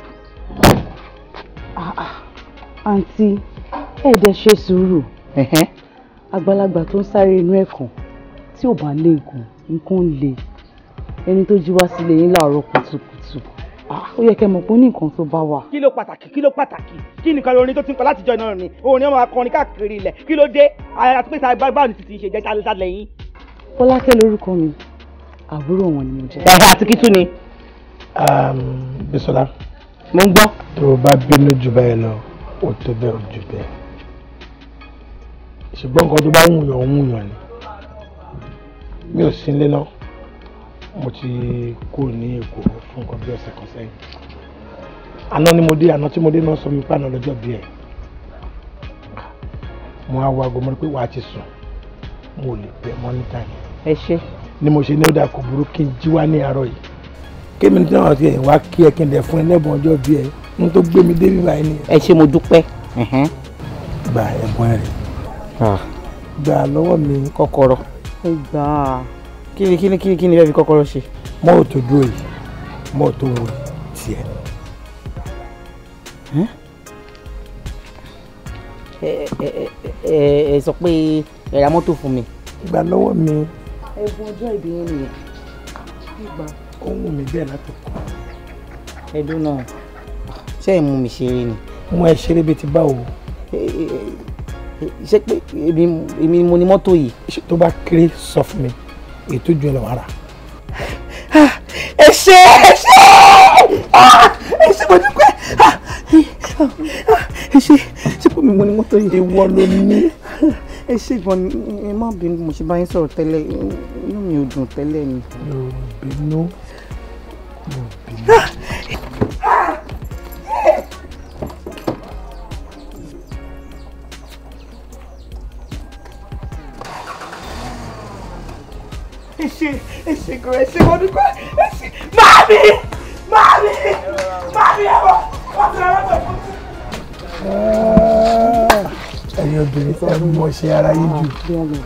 àǹtí ah, ah. ẹ̀ẹ́dẹ̀ ṣe sùúrù àgbàlagbà tó ń sáré inú ẹ̀kàn tí ò bá lé nǹkan nǹkan ń le ẹni tó jí wá sílé yín láàárọ̀ kùtùkùtù ah, ó yẹ kẹ́ mọ̀ pé ó ní nǹkan tó bá wà. kí ló pàtàkì kí ló pàtàkì kí nìkan orin tó ti ń kọ látijọ́ iná ni orin ọmọ akọrin káàkiri ilẹ̀ kí ló dé àti pé sáré báwo ni títí ṣe jẹ́ sálẹ́sá lẹ́yìn. fọlákẹ́ lórúkọ mi àbúrò wọn ni mo jẹ́. àti kí tún ni. Um, bisola mo ń gbọ́. tó o bá bínú jù báyìí lọ ó tó bẹ́ẹ̀ ó jù bẹ́ẹ̀ ṣùgbọ́n nǹkan tó bá wù yàn ó wù yàn ni mi ò sí nílé náà mo ti kú ní èkó fún nǹkan bí ọ̀sẹ̀ kan sẹ́yìn àná ni mo dé àná tí mo dé náà sọ mi pààna lọ́jọ́ bí ẹ̀ mo á wá gomọ́ pé wàá ti sùn mo lè bẹ̀ mọ́ níta yẹn. ẹ ṣe. ni mo ṣe ní ó dà kó burú kí n jí wá ní àárọ̀ yìí kémi ní náà ti ẹ̀ wá kí ẹ kí n dẹ̀ fún ẹ lẹ́bùn ọjọ́ bí ẹ n tó gbé mi débi báyìí ni. ẹ ṣé mo dúpẹ́. gba ẹ̀bùn ẹ̀ rẹ̀ gba lọ́wọ́ mi. kọ́kọ́rọ́ ẹ gbà á kí ni kí ni kí ni kí ni bẹ́ẹ̀ fi kọ́kọ́rọ́ ṣe. mọ́ọ̀ tó dúró yìí mọ́ọ̀ tó wọ tiẹ̀. ẹ ẹ sọ pé ẹ ra mọ́tò fún mi. gba lọ́wọ́ mi. ẹ̀bùn ọjọ́ ìbí yẹn nìyẹn ó wù mí bẹ́ẹ̀ látọkọ. ẹ dúnà ṣé ẹ mú mi ṣeré ni. mú ẹ ṣeré bíi ti báwo. ṣé pé èmi mo ní mọ́tò yìí. tó bá kéré sọ fún mi ètò ìjọ lọ ara. ẹ ṣe ẹ ṣe ah, ẹ ṣe mo dúpẹ́ ah, ẹ ṣe ṣé pé mo ní mọ́tò yìí. ìwọ ló ní ẹ ṣe gan ni ẹ má bínú mo ṣe bá yín sọ̀rọ̀ tẹ́lẹ̀ inú mi ò dùn tẹ́lẹ̀ ni. yóò bínú Esse, esse, esse gordo, esse... Mami! Mami! Mami, amor! Ah, meu Deus, ah, é um moço, era índio.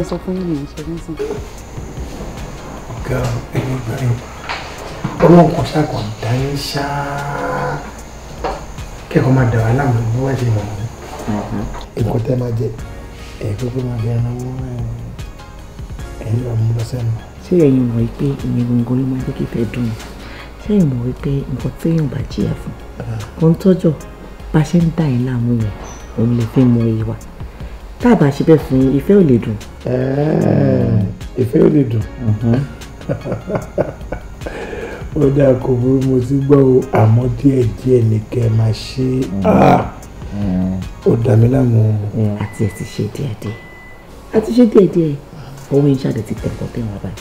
É, só foi isso, moço, é assim. Carro, peguei, ọlọ́run kan ṣàkàn dání ṣáá kẹ́kọ̀ọ́ máa dà wá láàmú ní wọ́n ṣe mọ̀ ní. nǹkan tẹ́ máa jẹ ẹ̀ gbogbo máa bẹ ẹran wọn ẹ̀yìn lọ mú lọ sẹ́nu. ṣé ẹ̀yin mọ̀ wípé ìyẹn gbogbo ló máa ń jẹ́ kí ìfẹ́ dùn ṣé ẹ̀yin mọ̀ wípé nǹkan téèyàn bá jìyà fún ó dà kó burú mo ti gbọ́ o àmọ́ díẹ̀ díẹ̀ ni kẹ́ ẹ máa ṣe mm. Ah! Mm. ó dà mí láàmú. Mm. àti ẹ ti ṣe díẹ̀díẹ̀ àti ṣe díẹ̀díẹ̀ owó ìjáde ti tẹ̀ pọ̀ tẹ̀wọ̀n báyìí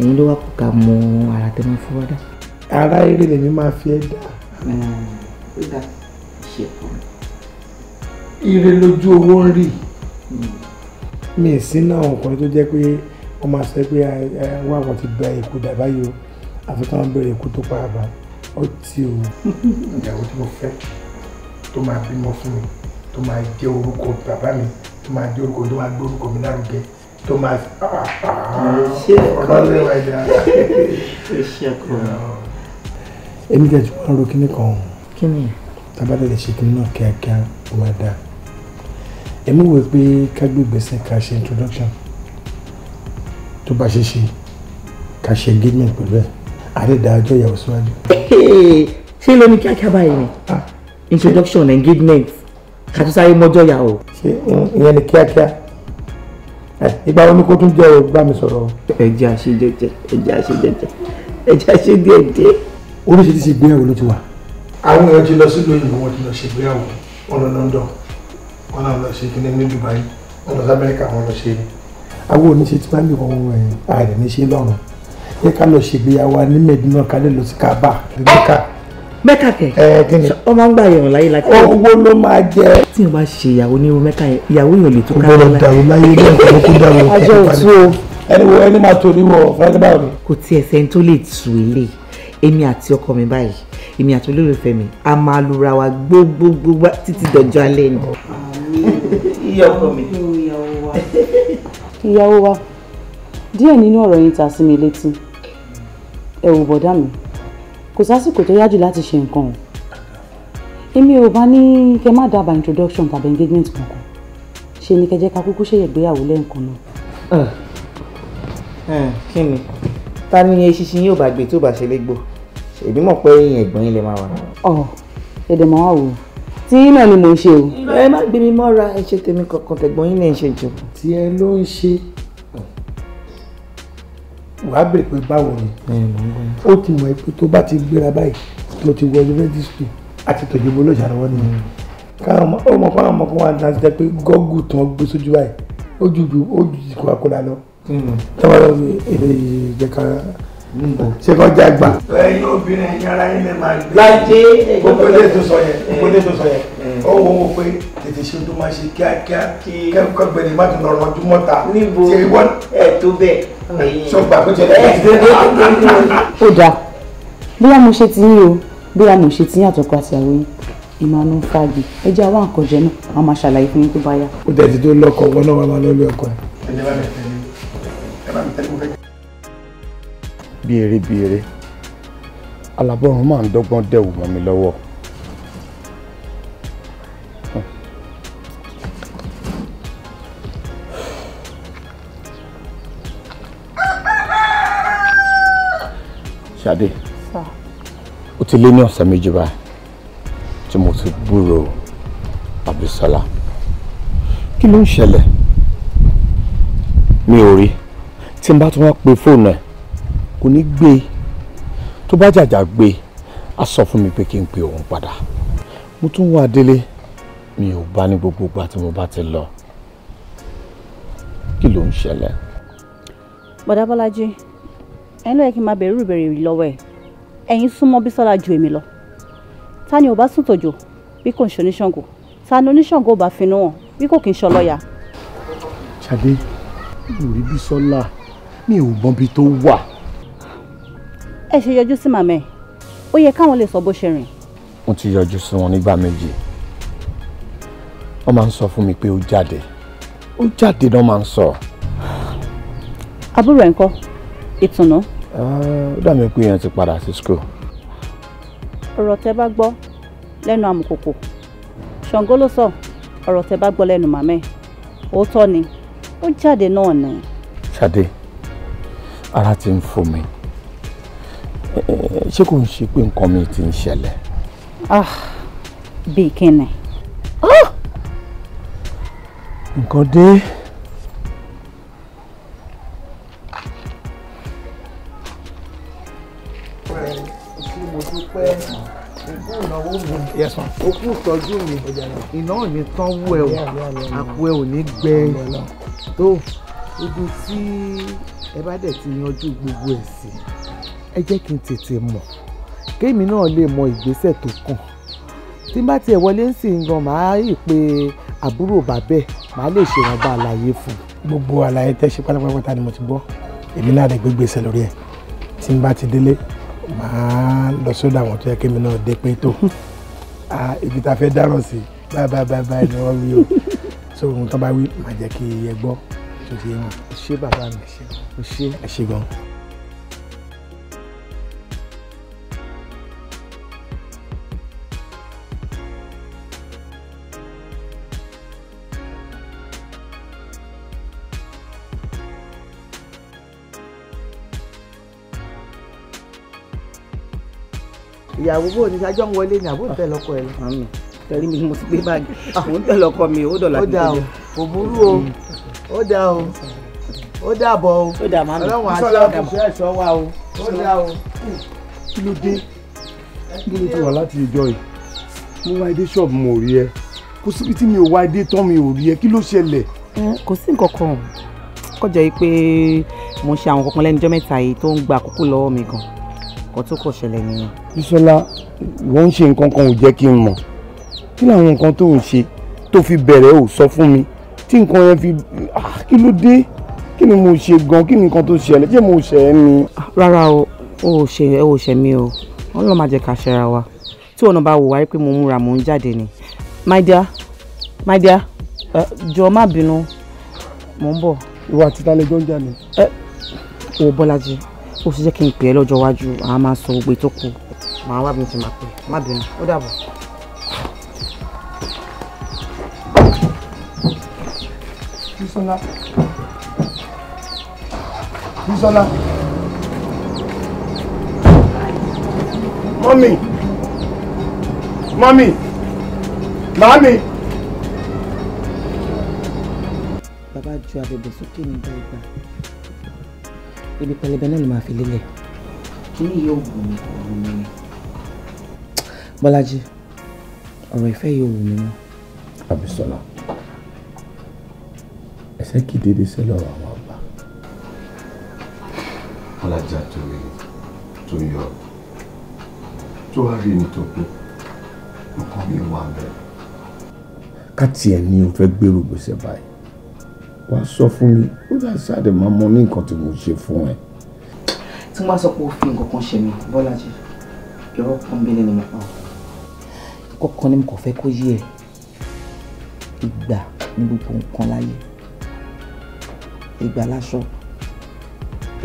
èyí ló wá kó ká mọ ara tẹ máa fọwọ́ dá. ara eré lèmi máa fi ẹ́ dá. ire lójú owó ń rí mi sí náà nǹkan tó jẹ́ pé wọ́n máa sọ pé wọ́n àwọn ti gba èkó dà báyìí o àfi kí wọ́n béèrè ikú tó paraba ó ti o. ìyàwó tí mo fẹ́ tó máa bímọ fún mi tó máa jẹ́ orúkọ bàbá mi tó máa jẹ́ orúkọ tó máa gbé orúkọ mi lárugẹ tó máa ṣe ọlọ́lẹ̀ wà dá. èmi kẹ́ ti wọ́n ro kíní kan. kíni. tábàdà lè ṣe kíní náà kíákíá ó máa dáa èmi wò pé ká gbé ìgbésẹ̀ ká ṣe introduction tó bá ṣe ṣe ká ṣe engagement pẹ̀lú ẹ̀ àdéda ọjọ́ ìyàwó síwájú. ṣé ló ní kíákíá báyìí ni ah. introduction engagement kàtúnṣáyé mọ́jọ́ yà o. ṣé ìyẹn ni kíákíá eh, ìgbà wo ni kó tún jẹ́ o bá mi sọ̀rọ̀. ẹ̀jẹ̀ àṣejẹjẹ ẹ̀jẹ̀ àṣejẹjẹ ẹ̀jẹ̀ àṣedéédéé. oríṣiríṣi ìgbéyàwó ló ti wà. àwọn èèyàn ti lọ sílùú òyìnbó wọn ti lọ ṣègbéyàwó wọn lọ London wọn náà lọ ṣe kíní ní Dubai wọn lọ sí Amẹ́ríkà wọn lọ ṣe. àwọn oníṣe ti máa ń lè wọ́n ẹ̀ àìrẹ̀ ní eh, ṣe lọ́rùn pé ká lọ ṣègbéyàwó ní Medina lọ sí Kaaba Mẹ́kà. Mẹ́kà kẹ̀ ẹ kí ni ọmọ ń gbà yẹn láyé láti. owó ló máa jẹ. tí n bá ṣe ìyàwó ní irú Mẹ́kà ìyàwó yẹn ò lè tó ká lọ láyé láyé ní ọ̀pọ̀ ló kó dàrú ọ̀pọ̀ ló kó dàrú ẹni wo ẹni máa torí wọ fúnra kò tí ẹsẹ̀ ń tó lè tù ilé èmi àti ọkọ mi báyìí èmi àti olólùfẹ́ mi a máa lura wa gbogbogbò títí dọjọ́ alẹ́ ni. ìyàwó wa díẹ̀ nínú ọ̀rọ̀ yín ta sí mi létí ẹ wò bọ̀dá mi kò sásìkò tó yájú láti ṣe nǹkan o èmi ò bá ní kẹ má dábàá introduction tàbí engagement kankan ṣe ni kẹjẹ ká kúkú ṣèyẹ ìgbéyàwó lẹ́ǹkan náà. kí ni ta ni eṣinṣin yóò bá gbé tó bá ṣe légbò èmi mọ̀ pé ẹ̀yin ẹ̀gbọ́n yín lè máa wà. ọ èdè mọ́ wà wò ó tí náà ni mò ń ṣe o. ẹ má gbé mi mọ́ra ẹ ṣe tèmi kankan tẹ̀gbọ́n yín lè ṣe jù. tiẹ̀ ló ń ṣe wàá bèrè pé báwo ni ó ti mọ̀ pé tó bá ti gbéra báyìí tó ti wọlé rẹ́gísítì àti tòjú bó lọ́jà lọ́wọ́ nìyẹn káwọn ọmọ fáwọn ọmọ kan wà ní àti pé gọ́gù tó ń gbé sójú báyìí ó ju ju ó ju ti kóra kóra lọ táwọn ọmọ mi èdè yìí jẹ ṣe kọ́ já gbà. ẹ̀yin obìnrin ẹ̀yin ara yín lè máa gbé. láti gbogbo ilé tó sọ yẹn gbogbo tó sọ yẹn ó wọ́n wọ́n pé tètè ṣe tó máa ṣe kíákíá kẹ́gbẹ́ni má tún lọ́rọ̀ ọdún mọ́ta níbo ẹ̀ tó bẹ́ẹ̀ ṣọgbà tó jẹ́ lẹ́yìn. ó dáa bóyá mo ṣe ti yín o bóyá mo ṣe ti yín àtọkọ àti àwọn yín ìmọ̀nà ń fagi ẹ jẹ́ àwọn àkànjẹ náà àwọn máa ṣàlàyé fún yín tó bá yá. ó tẹ̀sí tó lọ́kọ̀ wọn náà wà máa lọ́lé ọkọ ẹ̀. bí eré bí eré alábọ̀rún máa ń dọ́gbọ́n dẹ̀wù mọ́ mi lọ́wọ́. Ṣadé ó ti lé ní ọ̀sẹ̀ méjì báyìí tí mo ti gbúròó Àbísọ́lá kí ló ń ṣẹlẹ̀ mi ò rí tí n bá tún wá pe fóònù ẹ̀ kò ní gbé tó bá jàjà gbé á sọ fún mi pé kí n pe òun padà mo tún wá délé mi ò bá ní gbogbo ìgbà tí mo bá ti lọ kí ló ń ṣẹlẹ̀. bọ̀dá bọ́lájí ẹ̀yin ló yẹ kí n máa bẹ̀rù ìbẹ̀rẹ̀ yìí lọ́wọ́ ẹ̀ ẹ̀yin súnmọ́ Bísọ́lá ju èmi lọ ta ni ò bá sùn tòjò bí kò ń ṣe oníṣàngó ta ni oníṣàngó ò bá finú hàn bí kò kí ń ṣọlọ́yà. Ṣadé mi ò rí Bísọ́lá mi ò mọbi tó wà. ẹ ṣe yọjú sí màmá ẹ ó yẹ káwọn lè sọ bó ṣe rìn. mo ti yọjú sí wọn nígbà méjì wọ́n máa ń sọ fún mi pé ó jáde ó jáde náà ìtùnú. Ah, ó dàbí pé yẹn ti padà sí school. ọ̀rọ̀ tẹ́ bá gbọ́ lẹ́nu amùkòkò ṣàngó ló sọ ọ̀rọ̀ tẹ́ bá gbọ́ lẹ́nu màmẹ́ òótọ́ ni ó jáde náà ni. ṣadé ara ti ń fò mí eh, eh, ṣé kò ń ṣe pé nǹkan mi ti ń ṣẹlẹ̀. Ah, bíi kí ah! nǹkan dé. dúpẹ́ òkú ìnáwó mi òkú ìtọ́jú mi iná ò ní tán wú ẹ o àpò ẹ ò ní gbẹ tó ibi tí ẹ bá dẹ̀ ti yanjú gbogbo ẹ̀ sí ẹ jẹ́ kí n tètè mọ̀ kémi náà lè mọ ìgbésẹ̀ tó kàn tí n bá tiẹ̀ wọlé ń sìn gan màá rí i pé àbúrò bàbẹ́ màá lè ṣèrànwọ́ àlàyé fún un. gbogbo àlàyé tẹ́ ṣe pátápátá ni mo ti gbọ́ èmi náà lè gbégbèsè lórí ẹ̀ tí n bá ti délé màá lọ sọ́dọ̀ àwọn tó yẹ kémi náà dé pé tó ibi tá a fẹ́ dárọ̀ sí báyìí báyìí báyìí ni wọ́n wí o so ohun tó bá wí màá jẹ́ kí ẹ gbọ́ tó ṣe é hàn. ṣé bàbá mi ṣe é ṣe gan. ìyàwó bò ní sájọ́ ń wọlé ní àbò ń tẹ̀lé ọkọ ẹ lọ. tẹ̀lé mi mo ti gbé báàgì ah. mò ń tẹ̀lé ọkọ mi ó dọ̀là mi lójú. kò burú o ó dà o ó dàbọ̀ o ó dà màmí ọlọ́run àti ọkùnrin ẹ̀ṣọ́ wa o ó dà o. kí ló dé kí ló ti wà láti ìjọ yìí mo wá dé ṣọ́ọ̀bù mo rí ẹ kò síbi tí mi ò wá dé tán mi ò rí ẹ kí ló ṣẹlẹ̀. kò sí nǹkan kan kọjá yìí pé mo ṣe àwọn kankan mẹ́ta yìí tó ń gba àkókò lọ́wọ́ mi gan-an nǹkan tó kọ̀ ṣẹlẹ̀ nìyẹn. Bísọ́lá wọ́n ń ṣe nǹkan kan ò jẹ́ kí n mọ̀ kí làwọn nǹkan tó ń ṣe tó fi bẹ̀rẹ̀ ò sọ fún mi tí nǹkan yẹn fi ah, kí ló dé kí ni mo ṣe gan kí ni nǹkan tó ṣẹlẹ̀ jẹ́ mo ṣẹ̀ ẹ́ ni. Ah, rárá o ò ṣe ẹ ò ṣẹ̀ mí o wọn lọ́ọ́ máa jẹ́ ká ṣẹra wa tí ọ̀nà bá wò wáyé pé mo múra mò ń jáde ni my dear my dear uh, eh, jọ̀ọ́ má bínú mò ń bọ̀. ìwà àti ìtàlẹ́jọ́ ń jà ní. ẹ ò Bọ́lájí ó sì jẹ́ kí n pè é lọ́jọ́ iwájú àá máa sọ ògbé tó kù màá wá bí mo ti máa pè é má bínú ó dàbọ̀. Bísọ́lá Bísọ́lá mọ́mì mọ́mì màámi. bàbá ju àbẹ̀bẹ̀ sókè nígbà ìgbà ibi pẹlẹbẹ náà ló máa fi lélẹ̀. kíní yóò wù mí kò wù mí ni. bọ́lájí ọ̀rọ̀ ìfẹ́ yóò wù mí mọ́. àbísọ́lá ẹsẹ̀ kìdéde sẹ́lọ̀rọ̀ àwọn àgbà. alájà tó rí tó yọ tó wá rí ní tó kú nǹkan mi wà bẹ́ẹ̀. ká tiẹ̀ ní o fẹ́ gbèrú gbèsè báyìí wàá sọ fún mi ó dà sáàdì máa mọ ní nǹkan tí mo ṣe fún ẹ. tí wọ́n sọ pé ó fi nǹkan kan ṣe mí bọ́lájì irọ́ pọ́nbélé ni mo pa ọ́. kọ́kọ́ ni mo kàn fẹ́ kó yé ẹ ìgbà ní gbogbo nǹkan láyé ìgbà láṣọ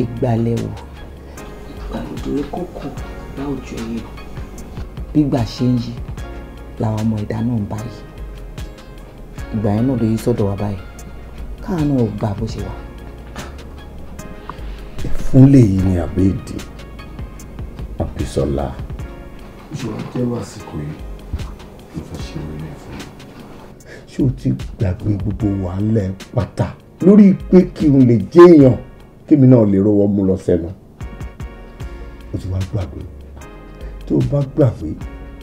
ìgbà lẹ́rù ìgbà òdòdó kòkò láwùjọ ẹ̀yẹ gbígbà ṣe ń yí làwọn ọmọ ẹ̀dá náà ń báyìí ìgbà yẹn náà lè yí sọ́dọ̀ wa báyìí káàánú ò gbà bó ṣe wà. ìfúnlẹ̀ yìí ni àbẹ́ẹ̀dì àbísọ́lá. ìṣòro jẹ́wọ́ àsìkò yìí ló fẹ́ ṣe orí fún mi. ṣé o ti gbàgbé gbogbo wàhálà ẹ pátá lórí pé kí n lè jẹ́èyàn kémi náà lè rówó mú lọ sẹ́nu o ti wá gbàgbé tó o bá gbàgbé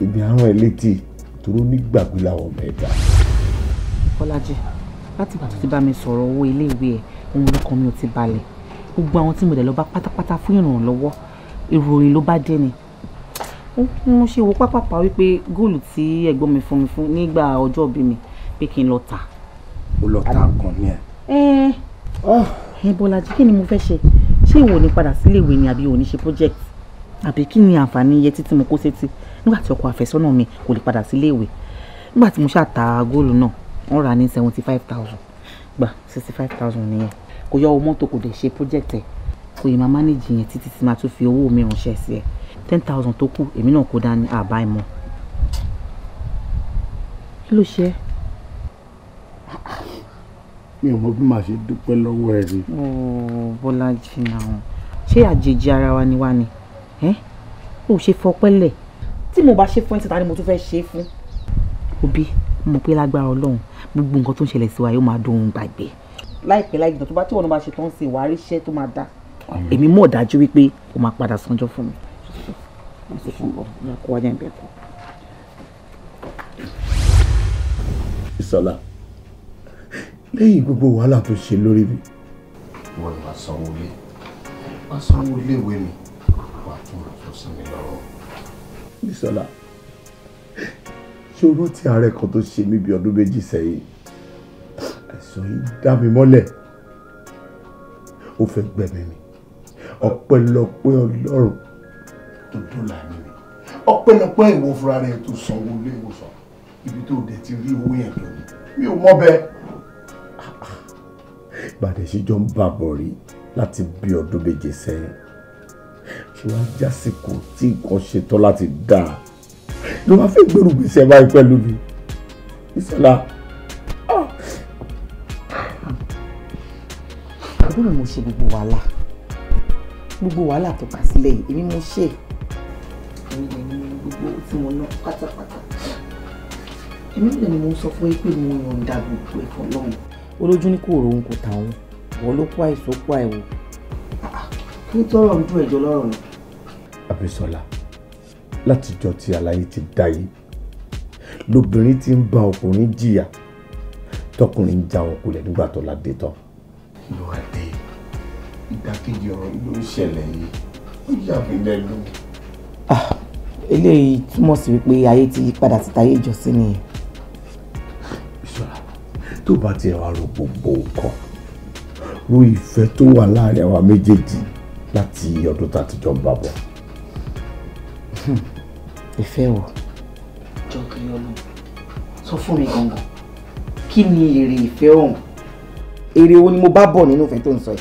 èmi àrùn ẹ létí torí ó ní gbàgbé làwọn ọmọ ẹ dá. Bọ́lájí láti ìgbà tó ti bá mi sọ̀rọ̀ owó iléèwé ẹ̀ òun lọ́kàn mi ò ti balẹ̀ gbogbo àwọn tí mo dẹ̀ lọ bá pátápátá fún ìrànlọ́wọ́ ìròyìn ló bá dé ni mo ṣe wo pápápá wípé góòlù tí ẹ̀gbọ́n mi fún mi fún nígbà ọjọ́ ìbí mi pé kí n lọ tà. o lọ ta nǹkan ni ẹ. ẹ ẹ Bọ́lájí kí ni mo fẹ́ ṣe ṣé ìwọ ni padà sílé ìwé ni àbí ìwọ ni ṣe project àbí kí ni àǹfààní iye títí mo kó sétí nígbà tí ọkọ àfẹ́sọ́nà mi kò lè padà sílé ìwé nígbà tí mo ṣáà ta góòlù náà wọ́n rà ní seventy five thousand gbà sixty five thousand nìyẹn kò yọ owó mọ́tò kò dẹ̀ ṣe project ẹ̀ kò yìí máa manage yẹn títí tí máa tún fi owó mi ránṣẹ́ sí ẹ ten thousand tó kù èmi náà kó dání àbá ẹ̀ mọ́ kí ló ṣe é. mi ò mọ bí màá ṣe dúpẹ́ lọ́wọ́ ẹ rí. bọ́lájì náà ṣé àjèjì ara wa ni wá ni ó ṣe fọpẹ́ lẹ̀ tí mo bá ṣe fún ẹ̀ tí ta ni mo tún fẹ́ ṣe é fún. òbí mo pé lágbára ọlọ́run gbogbo nǹkan tó ń ṣẹlẹ̀ sí wa yóò máa dohun gbàgbé. láìpẹ́ láì jìnnà tó bá tí wọn bá ṣe tán sí ìwà iṣẹ́ tó máa dà. èmi mọ̀ dájú wípé o máa padà sanjọ́ fún mi. ìsọlá lẹ́yìn gbogbo wàhálà tó ṣe lórí mi. wọ́n wá sanwó lé wá sanwó léwé mi wàá tún lọ sọ sí mi lọ́rọ̀. ìsọlá ṣé o rántí ààrẹ kan tó ṣe mí bí ọdún méjì sẹ́yìn àìsàn yìí dá mi mọ́lẹ̀ ó fẹ́ gbẹ̀mí mi ọpẹ́lọpẹ́ ọlọ́run tó dọ́là mi ni ọpẹ́lọpẹ́ ìwọ fúnra rẹ tó sanwó ilé ìwòsàn ibi tó dẹ̀ ti rí owó yẹn tó mi ò mọ̀ bẹ́ẹ̀. ìbàdàn ìṣèjọ ń bà bọ̀ rí láti bí ọdún méje sẹ́yìn ṣé wàá jásìkò tí nǹkan ṣetán láti dáa ló máa fẹ́ gbèrú gbèsè báyìí pẹ̀lú mi ìṣẹ̀lá. Ah. àbúrò mo ṣe gbogbo wàhálà gbogbo wàhálà tó kà sílẹ̀ yìí èmi mo ṣe èmi dẹ̀ ni gbogbo tí mo ná pátápátá èmi dẹ̀ ni mo sọ fún yín pé mo yọ̀ǹda gbogbo ẹ̀kọ́ lọ́hùn. olójú ní kò rohun kò tàwọn wọ́n ló kó àìsàn kó àìwò. Ah, kí n tọrọ ń dún ẹjọ́ lọ́rọ̀ náà. Àbísọ́lá látijọ́ tí aláyé ti dáyé lobìnrin ti ń bá ọkùnrin jìyà tọkùnrin ń já wọn kulẹ̀ nígbà tó la dé tán. ló wá dé ìdákejì ọ̀rọ̀ ló ń ṣẹlẹ̀ yìí ó yà mí lẹ́nu. Ah, eléyìí túmọ̀ sí wípé ayé ti yí padà títa ayé ìjọsìn nìyẹn. ìṣọ́ra tó bá tiẹ̀ wá ro gbogbo nǹkan ro ìfẹ́ tó wà láàrin àwa méjèèjì láti ọdún tá a ti jọ ń bá bọ̀. Hmm ìfẹ́ o. jọ torí ọlọ́run sọ fún mi gangan kí ni èrè ìfẹ́ ọ̀hún èrè wo ni mo bá bọ̀ nínú ìfẹ́ tó ń sọ yìí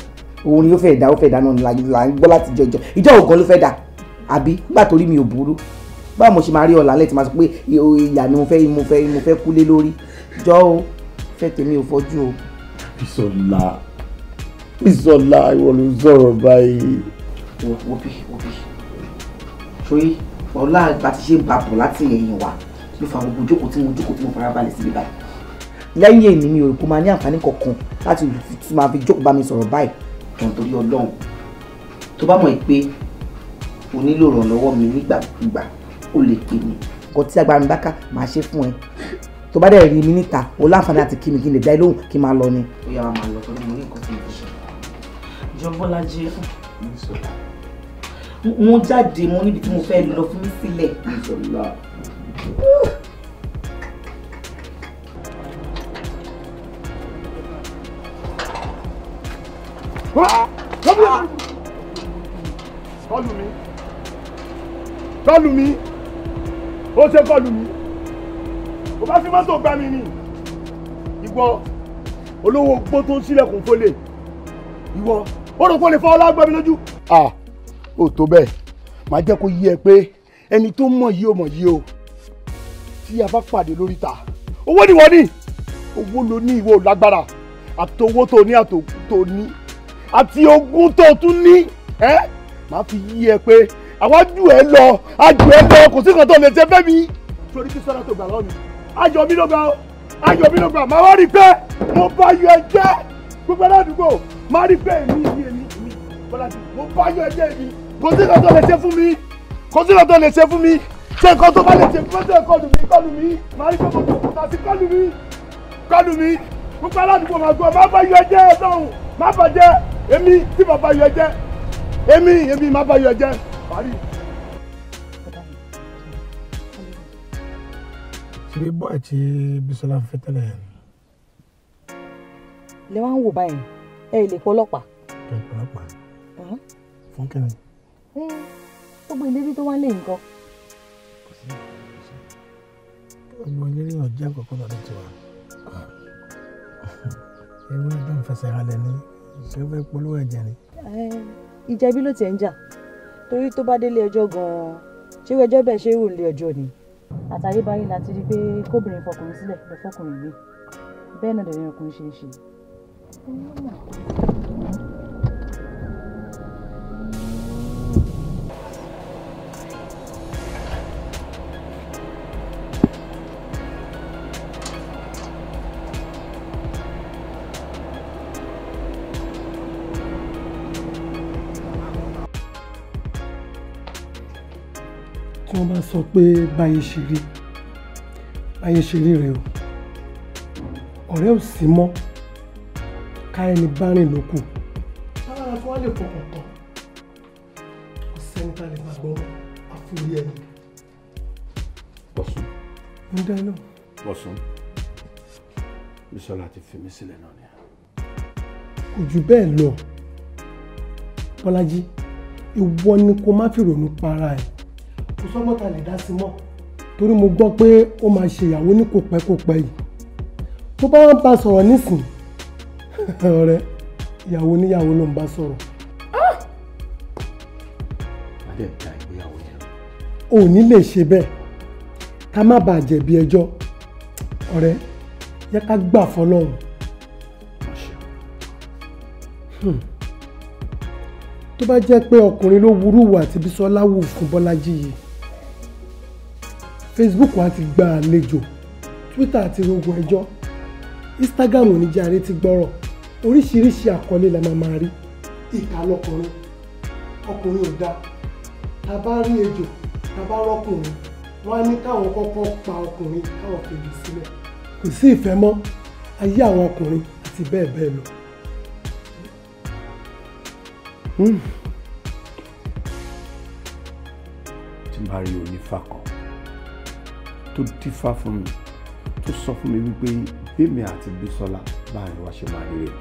òun ni ó fẹ́ dá ó fẹ́ dá náà là ń gbọ́ láti jọjọ ìjọ ògàn ló fẹ́ dá àbí gbà torí mi ò burú báwo mo ṣe máa rí ọ̀la lẹ́tì máa sọ pé ìyá ni mo fẹ́ mo fẹ́ mo fẹ́ kúlé lórí jọ o fẹ́ tèmi ò fọ́jú o. Bísọ́lá Bísọ́lá ìwọ ló sọ̀rọ̀ báyìí. wo bí wo bí ọlá àgbà ti ṣe bàbọ̀ láti ẹ̀yìn wa ló fa gbogbo jókòó tí mo jókòó tí mo fara balẹ̀ síbi báyìí lẹ́yìn èmi mi ò kó máa ní àǹfààní kankan láti tún máa fi jókòó bá mi sọ̀rọ̀ báyìí jọ̀ọ́ torí ọlọ́run tó bá mọ̀ ẹ́ pé o nílò ìrànlọ́wọ́ mi nígbàkúgbà o lè pè mí nǹkan tí agbára mi bá ká máa ṣe fún ẹ tó bá dẹ̀ rí mi níta o láǹfààní àti kí mi kí n lè dá ẹ lóhùn kí n máa lọ ni. ó yá máa lọ torí mo ní nǹkan tí mo fi ṣe jọ Bọ́lájí mo jáde mo níbi tí mo fẹ́ lọ fún mi sílẹ̀. kọlù mi kọlù mi ó ṣe kọlù mi ó bá fi mọ́tò gbá mi ni ìwọ olówó gbó tó ń sílẹ̀kùn fọlẹ̀ ìwọ ó rò pé ó lè fọ́ ọlá gbọ́ mi lójú. Ah ò tó bẹ́ẹ̀ màá jẹ́ kó yí ẹ pé ẹni tó mọ̀ yìí ò mọ̀ yìí o tí a bá pàdé lórí ta owó ni wọ́n ní owó ló ní ìwọ lágbára àti owó tó ní àti ògùn tó ní àti ogún tó tún ní ẹ màá fi yí ẹ pé àwa jù ẹ lọ a jù ẹ lọ kò sí kan tó lè ṣe fẹ́ mi torí kí sọ́dọ̀ tó gbà lọ́nìí ayọ̀ mi ló gbà ó ayọ̀ mi ló gbà máa wá rí i pé mo bá yọ ẹ jẹ́ gbogbo aládùúgbò máa rí i pé èmi èmi èmi bọ́lá ti mo bá yọ ẹ jẹ́ èmi kò sí nǹkan tó lè ṣe fún mi kò sí nǹkan tó lè ṣe fún mi ṣé nǹkan tó bá lè ṣe fún mi kọlù mi kọlù mi màá rí pé mo tó kùtà sí kọlù mi kọlù mi gbogbo aládùúgbò máa gbọ́ má bá yọ ẹ̀jẹ̀ ẹsọrun má bà jẹ́ èmi tí bàbá yọ ẹ̀jẹ̀ èmi èmi má bà yọ ẹ̀jẹ̀ parí. ṣe bọ́ àti Bisola ń fẹ́ tẹ́lẹ̀ yẹn. lè wá ń wò báyìí ẹ lè pọ́ ọlọ́pàá. ẹ pọ́ ọlọ́pàá fún kẹ́rin. Eh, gbogbo ìlérí tó wá lé nǹkan. gbogbo ìlérí yàn jẹ́ àkọ́kọ́ lọ́dún tí wà. ewé bá ń fẹsẹ̀ halẹ̀ ní ìṣẹ́fẹ́ polówó ẹ̀jẹ̀ ni. Eh, ìjẹ̀bi ló tiẹ̀ ń jà torí tó bá délé ẹjọ́ gan-an ṣé ẹjọ́ bẹ́ẹ̀ ṣe rò lé ẹjọ́ ni. àtàyébáyé la ti rí i pé kóbìnrin fọkùnrin sílẹ̀ lọ fọkùnrin gbé bẹ́ẹ̀ náà dẹ̀ ni ọkùnrin ṣe é ṣe. wọ́n bá sọ pé báyé ṣe rí báyé ṣe rí rèé o ọ̀rẹ́ ò sí mọ́ ká ẹni bá rìn ló kù tálára kan á lè fọkàn tán kò sẹ́ni tá a lè gbàgbọ́ àfúrí ẹni. bọ̀sùn. ń dáná. bọ̀sùn bísọ́lá ti fi mí sílẹ̀ náà ni. kò jù bẹ́ẹ̀ lọ bọ́lájí ìwọ ni kó má fi ronú para ẹ̀ kò sọ́mọ́ta lè dá sí mọ́ torí mo gbọ́ pé ó máa ṣe ìyàwó ní kò pẹ́ kò pẹ́ yìí tó bá ń bá sọ̀rọ̀ nísìn [laughs] ọ̀rẹ́ ìyàwó oníyàwó ló ń bá sọ̀rọ̀. adé ah! ìjà ìgbéyàwó yẹn. ò ní lè ṣe bẹ́ẹ̀ ká má bàa jẹ̀bi ẹjọ́ ọ̀rẹ́ yẹ ká gbà fọlọ́run. Hmm. tó bá jẹ́ pé ọkùnrin ló wúrú wà tí Bísọ́lá wù fún Bọ́lájí yìí Facebook wa ti gba àlejò Twitter ti rogun ẹjọ́ Instagram ò ní jẹ́ àrè ti gbọ́rọ̀ oríṣiríṣi àkọlé la máa máa rí ìka lọkùnrin ọkùnrin ò dáa ta bá rí ejò ta bá rọkùnrin wọn á ní káwọn kọ́kọ́ pa ọkùnrin káwọn fèrè sílẹ̀ kò sí ìfẹ́ mọ́ ayé àwọn ọkùnrin àti bẹ́ẹ̀ bẹ́ẹ̀ lọ. tí n bá rí onífà tó dífá fún mi tó sọ fún mi wípé bẹ́ẹ̀mi àti Bísọ́lá báyìí wá ṣe máa rere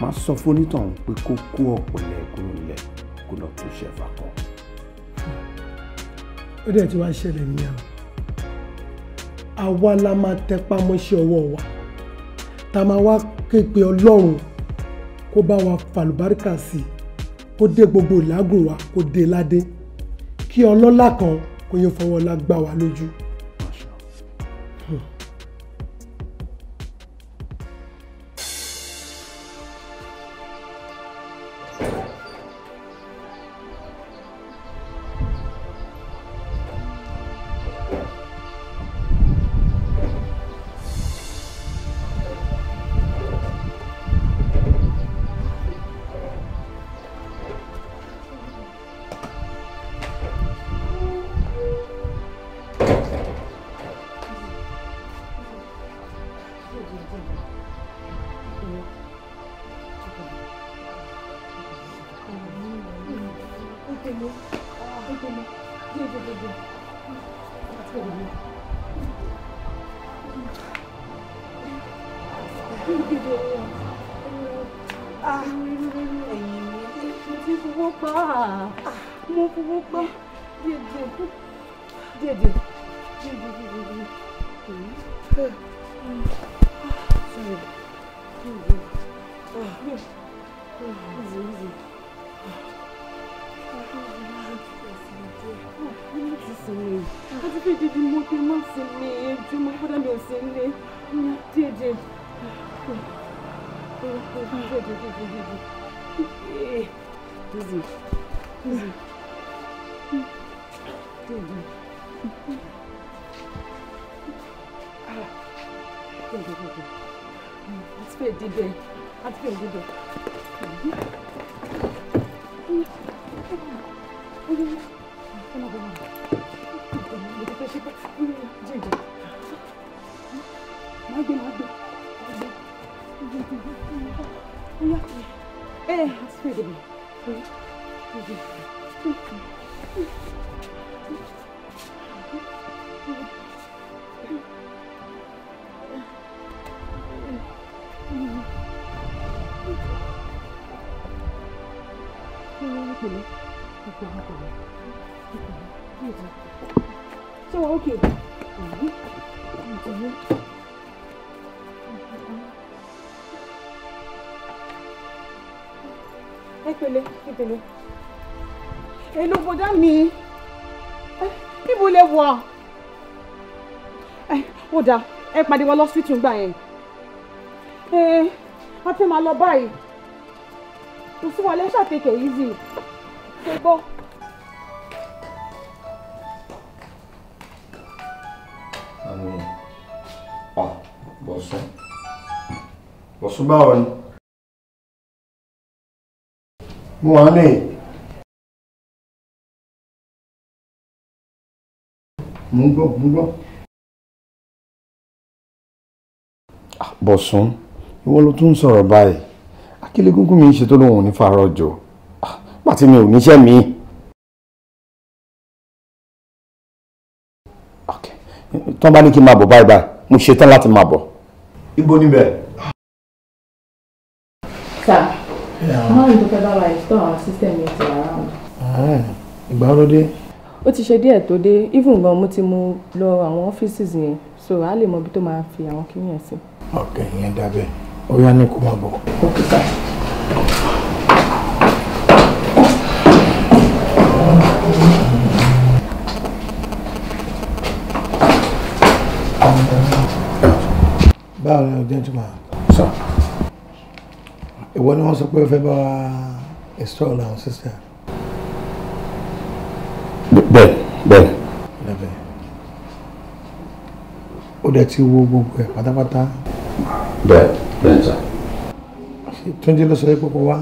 máa sọ fún onítọ̀hún pé kó kó ọ̀pẹ̀lẹ̀ kúrò nílẹ̀ kó lọ tó ṣe ẹ̀fà kan. ó dẹ̀ ti wá ṣẹlẹ̀ ní àwọn àwa la máa tẹpá mọ́ṣẹ́ ọwọ́ wa tá a máa wá képe Ọlọ́run kó bá wa fàlùbáríkà sí i kó dé gbogbo ìlágùn wa kó dé ládé kí ọlọ́lá kan kó yẹ fọwọ́ lágbá wa lójú. Entendeu? Entendeu? Vem, vem, vem, vem. Ah, mo fowó pa mo fowó pa díẹ̀ díẹ̀ díẹ̀ díẹ̀ díẹ̀ díẹ̀ díẹ̀ díẹ̀ sorry díẹ̀ díẹ̀ easy easy. sinmi àti pé dídí mo fi má sinmi ju mo gbọ́dọ̀ mi ò sí nílé díẹ̀ díẹ̀ díẹ̀ díẹ̀ díẹ̀ díẹ̀ díẹ̀ díẹ̀ díẹ̀ àti pé dídẹ àti pé dídẹ. Thank you. mm pàdé wọn lọ́sítù gbà yẹn ẹ eh, a fẹ́ máa lọ báyìí kò sí wọlé ṣàtẹ̀kẹ̀ yìí ṣe gbọ́. bọ̀sùn báwo ni mo wà ní. mo ń gbọ́ mo ń gbọ́. Ah, bọ̀sùn ìwọ ló tún ń sọ̀rọ̀ báyìí akílégúngún mi ń ṣe tó lóun ò ní fàárọ̀ jọ pàtí ah, mi ò níṣẹ́ mi. tí wọ́n bá ní kí n máa bọ̀ báyìí báyìí mo ṣetán láti máa bọ̀. ibo níbẹ̀. sà máa ń dúpẹ́ bá wa ìtọ́ àwọn system yìí ti around. ìgbà ló dé. ó ti ṣe díẹ̀ tó dé even gan mo ti mú lọ àwọn offices yẹn so a lè mọ ibi tó máa fi àwọn kíní yẹn sí. Ok, ìyẹn dábẹ́ ó yá ní kó má bọ̀. ó kíkà. báwo ni o gentleman. sọ. ìwọ ni wọ́n sọ pé o fẹ́ bá wa install our system. bẹ́ẹ̀ bẹ́ẹ̀. bẹ́ẹ̀ bẹ́ẹ̀. ó dẹ̀ ti wo gbogbo ẹ̀ pátápátá bẹ́ẹ̀ bẹ́ẹ̀ sà. túnjí ló sọ pé kókó wá.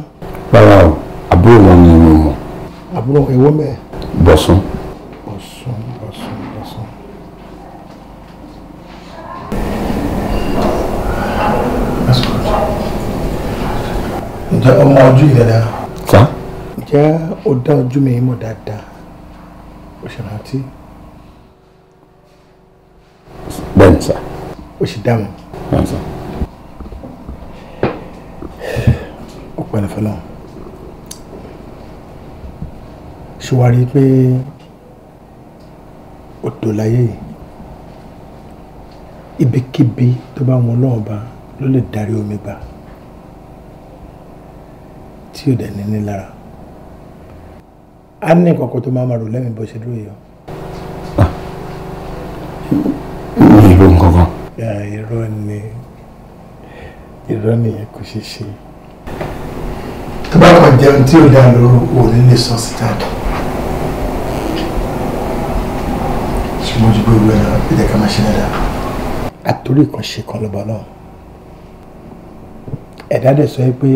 rárá o àbúrò wọn ni mo mọ. àbúrò èwo mẹ́ẹ̀. bọ̀sán. bọ̀sán bọ̀sán bọ̀sán. ǹjẹ́ ọmọ ojú yẹn dá. sá. ǹjẹ́ o dá ojú mi mọ̀ dáadáa o ṣe rántí. bẹ́ẹ̀ ni o ṣì dá mi. Báńsà. Ó pẹ̀lẹ́ fẹ́lá. Ṣé wàá rí i pé odò láyé yìí ibikíbi tó bá wọn lọ́wọ́ bá ló lè darí omi bá tí ò dẹ̀ ní ní A ní nǹkan tó máa ma rò lẹ́mìí bó ṣe dúró yìí o. irọ́ ni irọ́ nìyẹn kò ṣeé ṣe. tó bá kàn jẹun tí ò dá lóru ò ní lè sọ síta dùn. ṣùgbọ́n ojú gbogbo ẹ̀rọ ìdẹ́ ká máa ṣe dáadáa. àtúrò kan ṣe kan lọ́bọ̀ náà ẹ̀dá dẹ̀ sọ pé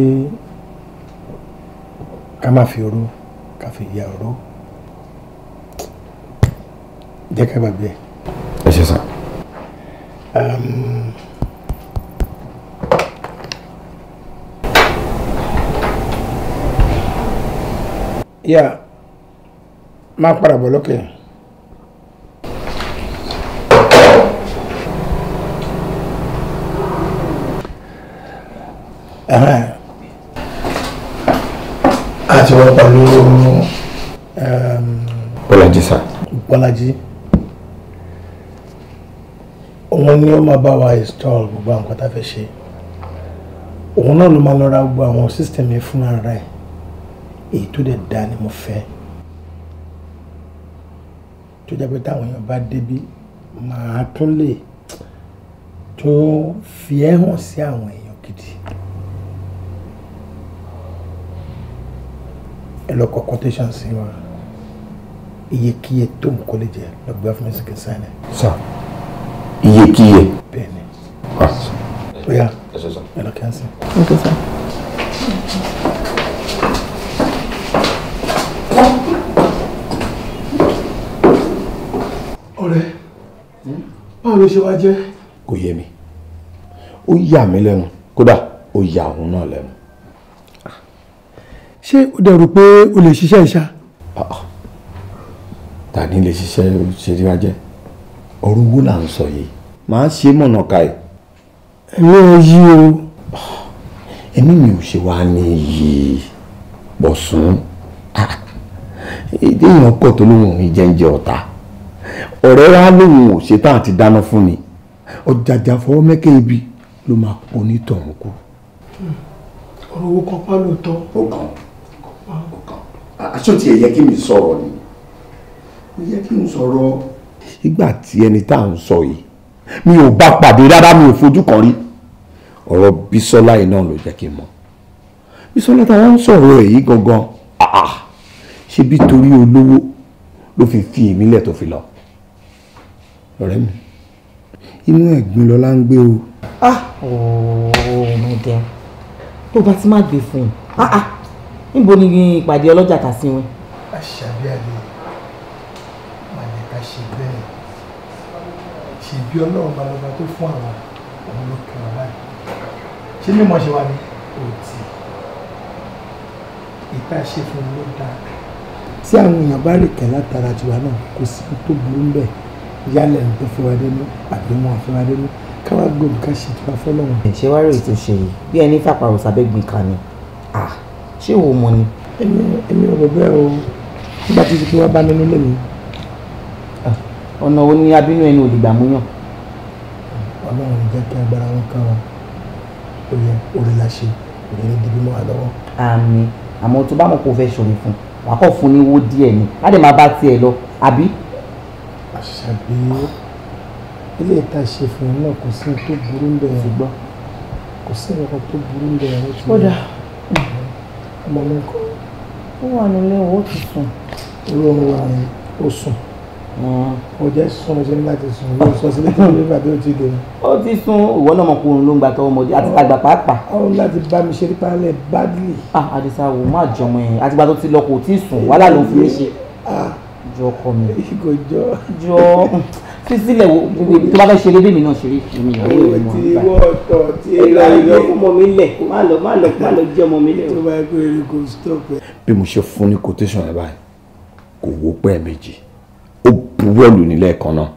ká má fi oró ká fi ya oró jẹ́ ká gbàgbé ẹ̀. ẹ ṣe sàn. Um, yeah, máa padà Eh, lókè. Okay. Uh-huh. àti wọn pẹ̀lú um, Bọ́lájí sá. Bọ́lájí òun ni ó máa bá wa install gbogbo àwọn nǹkan tá a fẹ́ ṣe òun náà ló máa lọ ra gbogbo àwọn system yẹn fún ara ẹ̀ èyí tó dẹ̀ dá ni mo fẹ́ tó jẹ́ pé táwọn èèyàn bá débi màá tún lè tó fi ẹ́ hàn sí àwọn èèyàn gidi ẹ lọ kọ quotation sí wa iyekíye tó ń kọ́ jẹ lọ gbé fún mi sí kí n sáyẹn iyekíyẹ. bẹ́ẹ̀ni ah. bóyá ẹ lọ kí á sí. ọ̀rẹ́ báwo ló ṣe wá jẹ́. kò yé mi ó yà mí lẹ́nu kódà ó yà òun náà lẹ́nu. ṣé o dẹ̀rù pé o lè ṣiṣẹ́ ìṣá. Ah, ah. tani lè ṣiṣẹ́ ṣe rí wá jẹ́ ọ̀rọ̀ owó là ń sọ yìí màá ṣe mọ̀nà ka ẹ̀. ẹ̀mí ò yí o. ẹ̀mí mi ò ṣe wá ní iyì bọ̀sùn ah, èdè èèyàn kọ̀ tó lóun òun jẹ́ǹjẹ́ ọ̀tá ọ̀rẹ́ wa lóun ò ṣetán àti dáná fún ni ọ̀jàjà fọwọ́ mẹ́kẹ́ ibi ló máa pọ̀ onítọ̀hún kú. ọ̀rọ̀ owó kan pa lóòótọ́. ó kàn ó kàn aṣọ tí ẹ yẹ kí mi sọ̀rọ̀ ni ó yẹ kí n sọ̀rọ̀ nígbà tí ẹni tá à ń sọ yìí mi ò bá pàdé rárá mi ò fojú kan rí ọ̀rọ̀ Bísọ́lá yìí náà ló jẹ́ kí n mọ̀ Bísọ́lá táwọn ń sọ̀rọ̀ èyí gangan ṣe bí torí olówó ló fi fi èmi lẹ̀ tó fi lọ ọ̀rẹ́ mi inú ẹ̀gbin lọ́la ń gbé o. ọ̀ọ́ mo tó bá ti má gbé fún un níbo ni ìpàdé ọlọ́jà kà sí wọn. àṣàbí ṣèbí ọlọ́run balọba tó fún àwa òun ló kẹwàá báyìí ṣé mímọ ṣe wá ní òtì ìta ṣe fún un ló dáa. tí àwọn èèyàn bá rè kẹ́ látara tiwa náà kò sí tó burú ń bẹ̀ yálẹ̀ ń tó fẹ́ra dénú àbí wọn fẹ́ra dénú káwá gbòòrò ká ṣe tiwa fọlọ́run. ṣé wàá rèé tó ṣe yìí bí ẹni fàpàrọ̀ sábẹ́gbìn kan ni ṣé òun mọ ni. èmi ò rò o nígbà tí títí wá bá nínú lèmi ọ̀nà wo ni abínú ẹni ò lè gbà mú yàn. ọlọ́run jẹ́ kí agbára wọn kàn wọ́n ó yẹ orí la ṣe òní ní dìbí mọ́ wa lọ́wọ́. àmín àmọ́ tó bá mọ̀ kó fẹ́ ṣòro fún wàá kọ́ fún ní wó díẹ̀ ni á lè máa bá tiẹ̀ lọ àbí. àṣàbí ilé ìta ṣe fún un náà kò sí tó burú ń bẹ̀rẹ̀ gbọ́ kò sí nǹkan tó burú ń bẹ̀rẹ̀ wọ́n ti lọ. wà nílé òun ó ti sùn. olóhùn wa ó sùn o jẹ́ sun ṣe nígbà tí sun ló sọ sílé tí nígbà tí o ti dé. ó ti sun ìwọ náà mọ kóorun ló ń gba tọwọ́ ọmọdé àti àgbà pàápàá. ọ̀hún láti bá mi ṣe nípa alẹ́ badly. ah adisa wo má jọmọ ẹ àtìgbà tó ti lọ kò tí ì sùn wàhálà ló ń fi mí ṣe. Ah, jọ ọkọ mi. ìgò jọ. jọ sísílẹ̀ wo tó bá fẹ́ ṣeré bẹ́ẹ̀ mi náà ṣeré mi ìyàwó rẹ̀ mọ̀ nípa. ìwọ ọ̀tọ̀ tí ẹ lọ yọ ọmọ mi lẹ̀ má lọ má lọ má lọ jẹ́ ọmọ mi lẹ̀. tó bá yẹ kó eré kò stop ẹ. bí mo ṣe fún ní quotation ẹ báyìí kò wó pẹ́ẹ́ méjì ó buwọ́ lù nílẹ̀ kan náà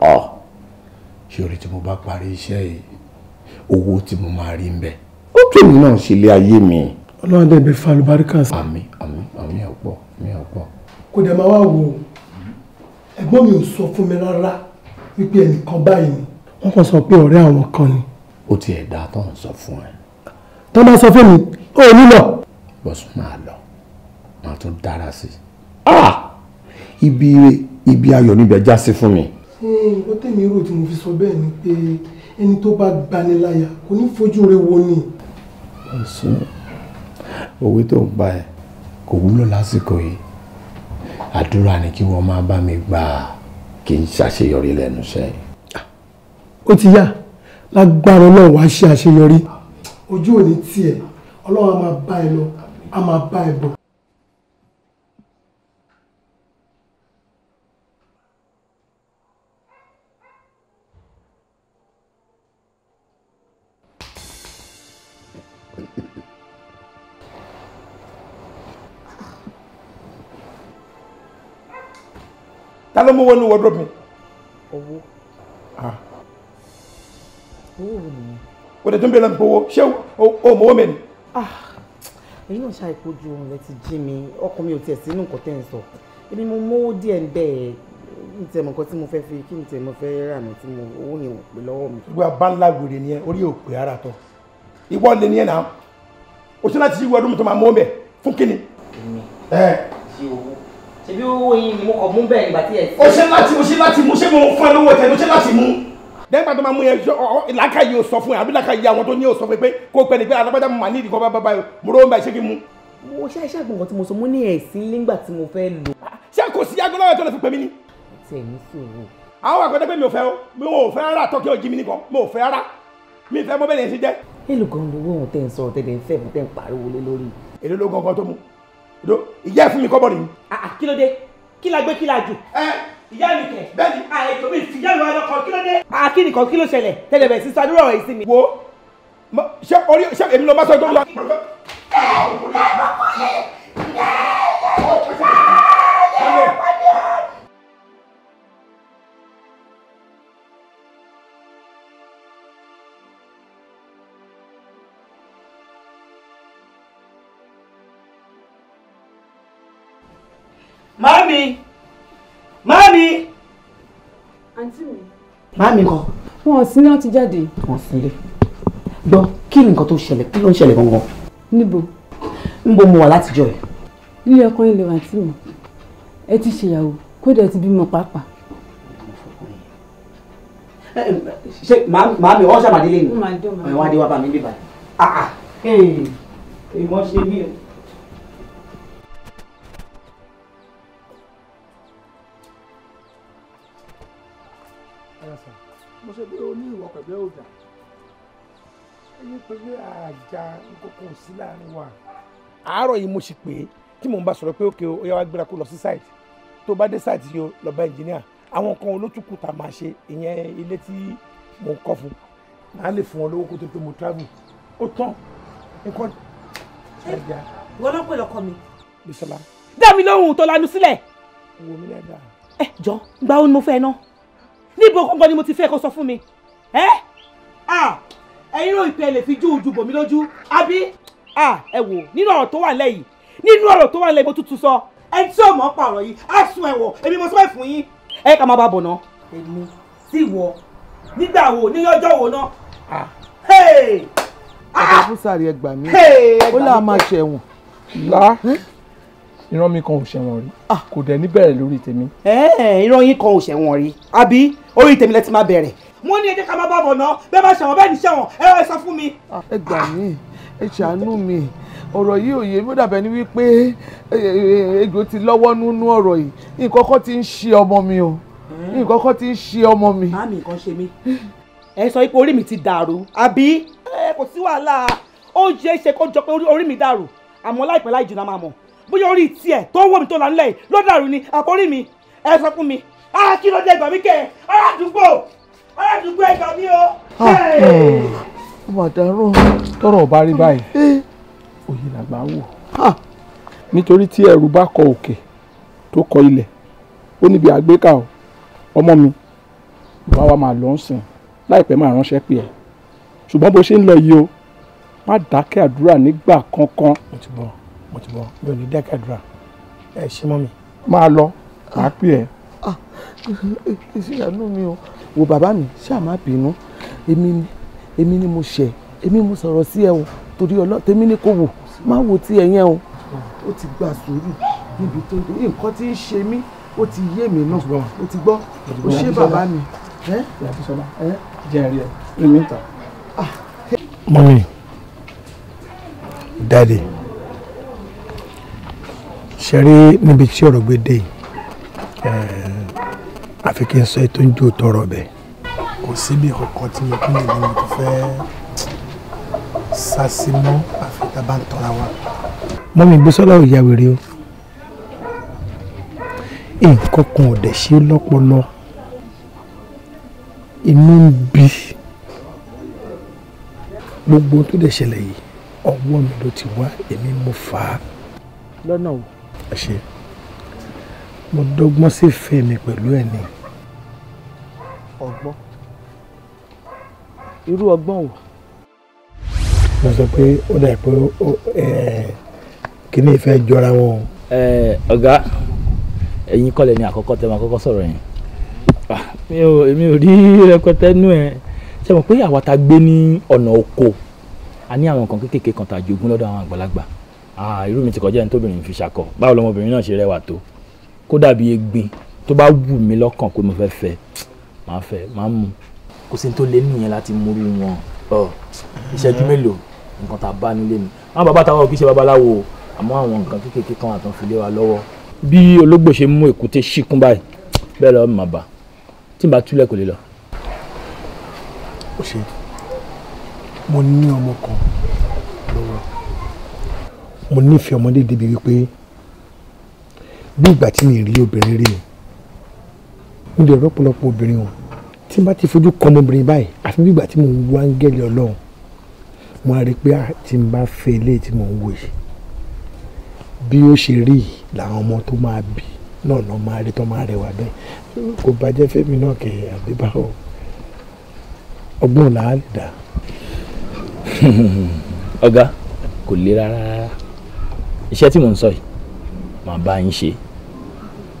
ọ ah. ṣòro tí mo bá parí iṣẹ́ yìí owó tí mo máa rí ń bẹ ó tèmi náà ṣe ilé ayé mi. ọlọ́run dẹ̀ bẹ falu barika sí. àmín àmín àmín ọ̀pọ̀ àmín ọ̀pọ̀. kò dẹ̀ máa wá wo ẹ̀gbọ́n mi ò sọ fún mi rárá wípé ẹnìkan báyìí ni wọ́n kàn sọ pé ọ̀rẹ́ àwọn kan ni. ó ti ẹ̀dá tó ń sọ fún ẹ. tó bá sọ fún mi ó ní lọ. bọ́sùn máa lọ máa tún dára sí i. ah ibi ibi ayọ̀ níbẹ̀ já sí fún mi. ó tẹ̀mí rò tí mo fi sọ bẹ́ẹ̀ ni pé ẹni tó bá gbaniláyà kò ní fojú rẹ̀ wo ni. ọ̀sán òwe tó ń pa ẹ̀ kò wúlò lásìkò yìí àdúrà ni kí wọ́n máa bá mi gbà kí n ṣàṣeyọrí lẹ́nu iṣẹ́. Ah, ó ti yá lágbára ọlọ́run wá ṣe àṣeyọrí. ojú ò ní tiẹ̀ ọlọ́run á máa bá ẹ lọ á máa bá ẹ bọ̀. ta ló mú owó ní wardrobe mi. owó. Ah. owó wo nìyẹn. o de tún bẹ̀rẹ̀ lọ́nà owó ṣé o mọ̀ owó mẹ́rin. Ah, èyí náà ṣáà ìkojú ohun rẹ ti jí mi ọkàn mi ò tiẹ̀ sínú nǹkan tẹ́ ń sọ èmi mo mówó díẹ̀ ń bẹ̀ ẹ́ n tẹ̀ mọ̀ nǹkan tí mo fẹ́ fi kí n tẹ̀ mo fẹ́ rà mí tí mo owó yẹn ò pé lọ́wọ́ mi. ìwé abánlá wèrè ni ẹ orí ò pé ara tọ ìwọ lè ní ẹ náà o ṣe láti ṣe ìwé ọdún mi tó máa mú ọ bẹ fún kíni. èmi ṣé owó ṣebí owó yìí ni mo kàn mú bẹ́ẹ̀ nígbà tí ẹ. o ṣe láti o ṣe láti mú ṣé mo fún ẹ lówó tẹ o ṣe láti mú. dẹ́gbà tó máa mú yẹn làákà yìí ò sọ fún ẹ àbí làákà yìí àwọn tó ní ò sọ fún ẹ pé kó o pẹ́ ni pé alágbádá mo mà ní ìdíkọ́ bábá báyìí mo rọ́ ń bá ẹ ṣé kí n mú. mo ṣe iṣẹ́ àgbọ̀ngàn tí mo sọ mú ní ẹ̀sìn nígbà tí mo fẹ́ lò. Ah, ṣé kò sí agbọ́n tó lè fi pè mi ò ẹ do ìyá ẹ fún mi kọ́bọ̀ nìyí. kí ló dé kí la gbé kí la jù. ẹ ìyá mi kẹ bẹ́ẹ̀ni àìtò mi fi ìyá mi wáyé lọkọ kí ló dé. kí nìkan kí ló ṣẹlẹ̀ tẹ́lẹ̀ bẹ sísan lórí ọ̀rọ̀ yìí sí mi. wo ṣé orí ṣé èmi ló bá sọ ìtọ́jú lọ. ẹ ẹ bá wọlé. Mami! Mami! Àǹtí mi. Mami kọ. Wọ́n sí náà ti jáde. Wọ́n sílé. Gbọ́ kí ni nǹkan tó ṣẹlẹ̀ kí ló ń ṣẹlẹ̀ gangan? Níbo? Níbo mo wà látijọ́ ẹ̀? Lílẹ̀ ọkàn ilẹ̀ wà tí mo. Ẹ ti ṣèyàwó kódà ẹ ti bímọ pàápàá. Ṣé màámi wọ́n ṣàmàdé lé mi? Wọ́n máa dé wá bá mi bíbá. Ah, ah. Ìmọ̀ ṣe mí o. pé àjà kókó sí láàrin wa àárọ̀ yìí mo sì pé tí mò ń bá sọ̀rọ̀ pé òkè ó yá wá gbéra kó lọ sí site tó bá dé site yìí ó lọ bá ẹnjìníà àwọn kan olótùkù tá a máa ṣe ìyẹn ilé tí mò ń kọ́ fún màá lè fún wọn lówó kó tó pé mo travel ó tán nǹkan ṣàjà. wọ́n ló pè lọ́kọ mi. bisola. dá mi lóhùn tó lanu sílẹ̀. wo mi lẹ́dà. ẹ jọ gba ohun mo fẹ́ náà níbo gbọ́ngàn ni mo ti fẹ́ kó sọ fún mi. ẹ ah ẹ̀yin rò ìpè lè fi jú ojú bòmí lójú àbí. à ẹ wò nínú ọ̀rọ̀ tó wà lẹ́yìn nínú ọ̀rọ̀ tó wà lẹ́yìn mo tuntun sọ ẹni tí ò mọ̀ pa ọ̀rọ̀ yìí á sun ẹ̀wọ̀ èmi mo sọ bẹ́ẹ̀ fún yín. ẹ ká máa bá bọ̀ ná. èmi sí ìwọ nígbà wo ní ọjọ́ wo náà. ọ̀gá ah! fúsàrí ẹgbà mi ó là máa ṣẹ̀wọ̀n lá ìran mi kan ò ṣẹ̀wọ̀n rí ah! kò dẹ̀ ní bẹ̀rẹ̀ lórí tèmi. ìran yín kan ò ṣẹ̀wọ̀n rí àbí orí tèmi lẹ ti máa bẹ̀rẹ̀ mo ní ẹjẹ ká má bàbọ̀ ná bẹ́ẹ̀ bá ṣẹ̀wọ̀n bẹ́ẹ̀ ní ṣẹ̀wọ̀n ẹ wá sọ fún mi. Ah, ẹ gbà mí ẹ ṣàánú mi ọ̀rọ̀ yìí ò yé mi ó dàbẹ̀ ni wípé ejò ti lọ́wọ́ nínú ọ̀rọ̀ yìí nǹkan kan ti ń ṣe ọmọ mi o hmm. nǹkan kan ti ń ṣe ọmọ mi. má mi nǹkan ṣe mí ẹ sọ pé orí mi ti dàrú àbí ẹ kò sí wàhálà ó jẹ́ ṣe kó jọ pé orí mi dàrú àmọ́ láìpẹ́ láì jìnnà máa mọ̀ bóyá orí tiẹ̀ tó wọ́ mi tó là ń dàrú ni àkórí mi ẹ sọ fún mi á ah, kí ló dé gbàmíkẹ́ àràdúgbò aládùúgbò ẹ̀gbọ́n mi o. ọmọdàrú tọrọ ọba rí báyìí eh. òye làgbà wò nítorí tí ẹrù bá kọ òkè tó kọ ilẹ̀ ó níbi àgbékà o ọmọ mi ìwà wa máa lọ ń sìn láìpẹ́ máa ránṣẹ́ pè ẹ́ ṣùgbọ́n bó ṣe ń lọ yìí o má dákẹ́ àdúrà nígbà kankan. mo ti bọ̀ mo ti bọ̀ mi ò ní dákẹ́ àdúrà ẹ ṣe mọ́ mi. máa lọ màá pè ẹ́. Ah, ìṣìyànú mi o wo bàbá mi ṣáà má bínú èmi ni èmi ni mo ṣẹ̀ èmi mo sọ̀rọ̀ sí ẹ o torí ọlọ́ tèmi ni kò wò má wo ti ẹ yẹn o. ó ti gba sùúrù níbi tó nǹkan tí ń ṣe mí ó ti yé mi náà ó ti gbọ́ ó ṣe bàbá mi. mọ́mí dáàdì ṣe rí níbi tí ọ̀rọ̀ gbé dé yìí àfi kí n sọ ètò ń jó tọrọ bẹ. kò síbi kankan tí mo kún lè ní mo tó fẹ́ sásímọ́ àfi a bá ń tọ́ra wa. mọ́mí Bísọ́lá ò ya wèrè o nǹkan kan ò dẹ̀ ṣe lọ́pọlọ inú ń bí gbogbo tó dẹ̀ ṣẹlẹ̀ yìí ọwọ́ mi ló ti wá èmi mo fà á. lọ́nà o. ẹ ṣe mo dọ́gbọ́n sí fẹ́ mi pẹ̀lú ẹ̀ ni. ọgbọ́n irú ọgbọ́n wo. mo sọ pé ó dà pé kíní ìfẹ́ jọra wọn. ọ̀gá ẹ̀yin kọ́lẹ̀ ni àkọ́kọ́ tẹ́ máa kọ́kọ́ sọ̀rọ̀ yẹn ah, mi ò èmi ò rí rẹpẹtẹ nú ẹ ṣe mọ̀ pé àwa ta gbé ní ọ̀nà oko a ní àwọn nǹkan kéékèèké kan tá a lọ́dọ̀ àwọn àgbàlagbà ah, irú mi ti kọjá ẹni tóbìnrin fi ṣakọ báwo lọmọbìnrin náà ṣe rẹwà tó kó dàbí egbin tó bá wù mí lọ́kàn pé mo fẹ́ fẹ́ máa fẹ́ máa mú kò sí tó lé nìyẹn láti mú rí wọn ọ ìṣẹ́jú mélòó nǹkan tá a bá nílé mi àwọn bàbá táwọn kì í ṣe babaláwo àmọ́ àwọn nǹkan kékeré kan àtàn fi lé wa lọ́wọ́ bí ológbò ṣe mú èkúté ṣíkún báyìí bẹ́ẹ̀ lọ́ọ́ màbà tí n bá túlẹ̀ kò lè lọ. ó mo ní ọmọ kan lọ́wọ́ mo nífẹ̀ẹ́ ọmọdé débi wípé bí ìgbà tí mi rí obìnrin rí ni mo lè rọ́pọ̀lọpọ̀ obìnrin wọn tí n bá ti fojú kọ ọmọbìnrin báyìí àfi bí ìgbà tí mo ń wo áńgẹ́lì ọlọ́run mo á rí i pé ah, tí n bá fẹ́ ilé tí mo ń wò yìí bí ó ṣe rí làwọn ọmọ tó máa bí náà náà máa rí tó máa rẹwà bẹ́ẹ̀ kò bàjẹ́ fẹ́mi náà kẹ̀ àbí ọgbọ́n là lè dá. [laughs] ọ̀gá kò le rárá iṣẹ́ tí mò ń sọ yìí màá bá yín ṣe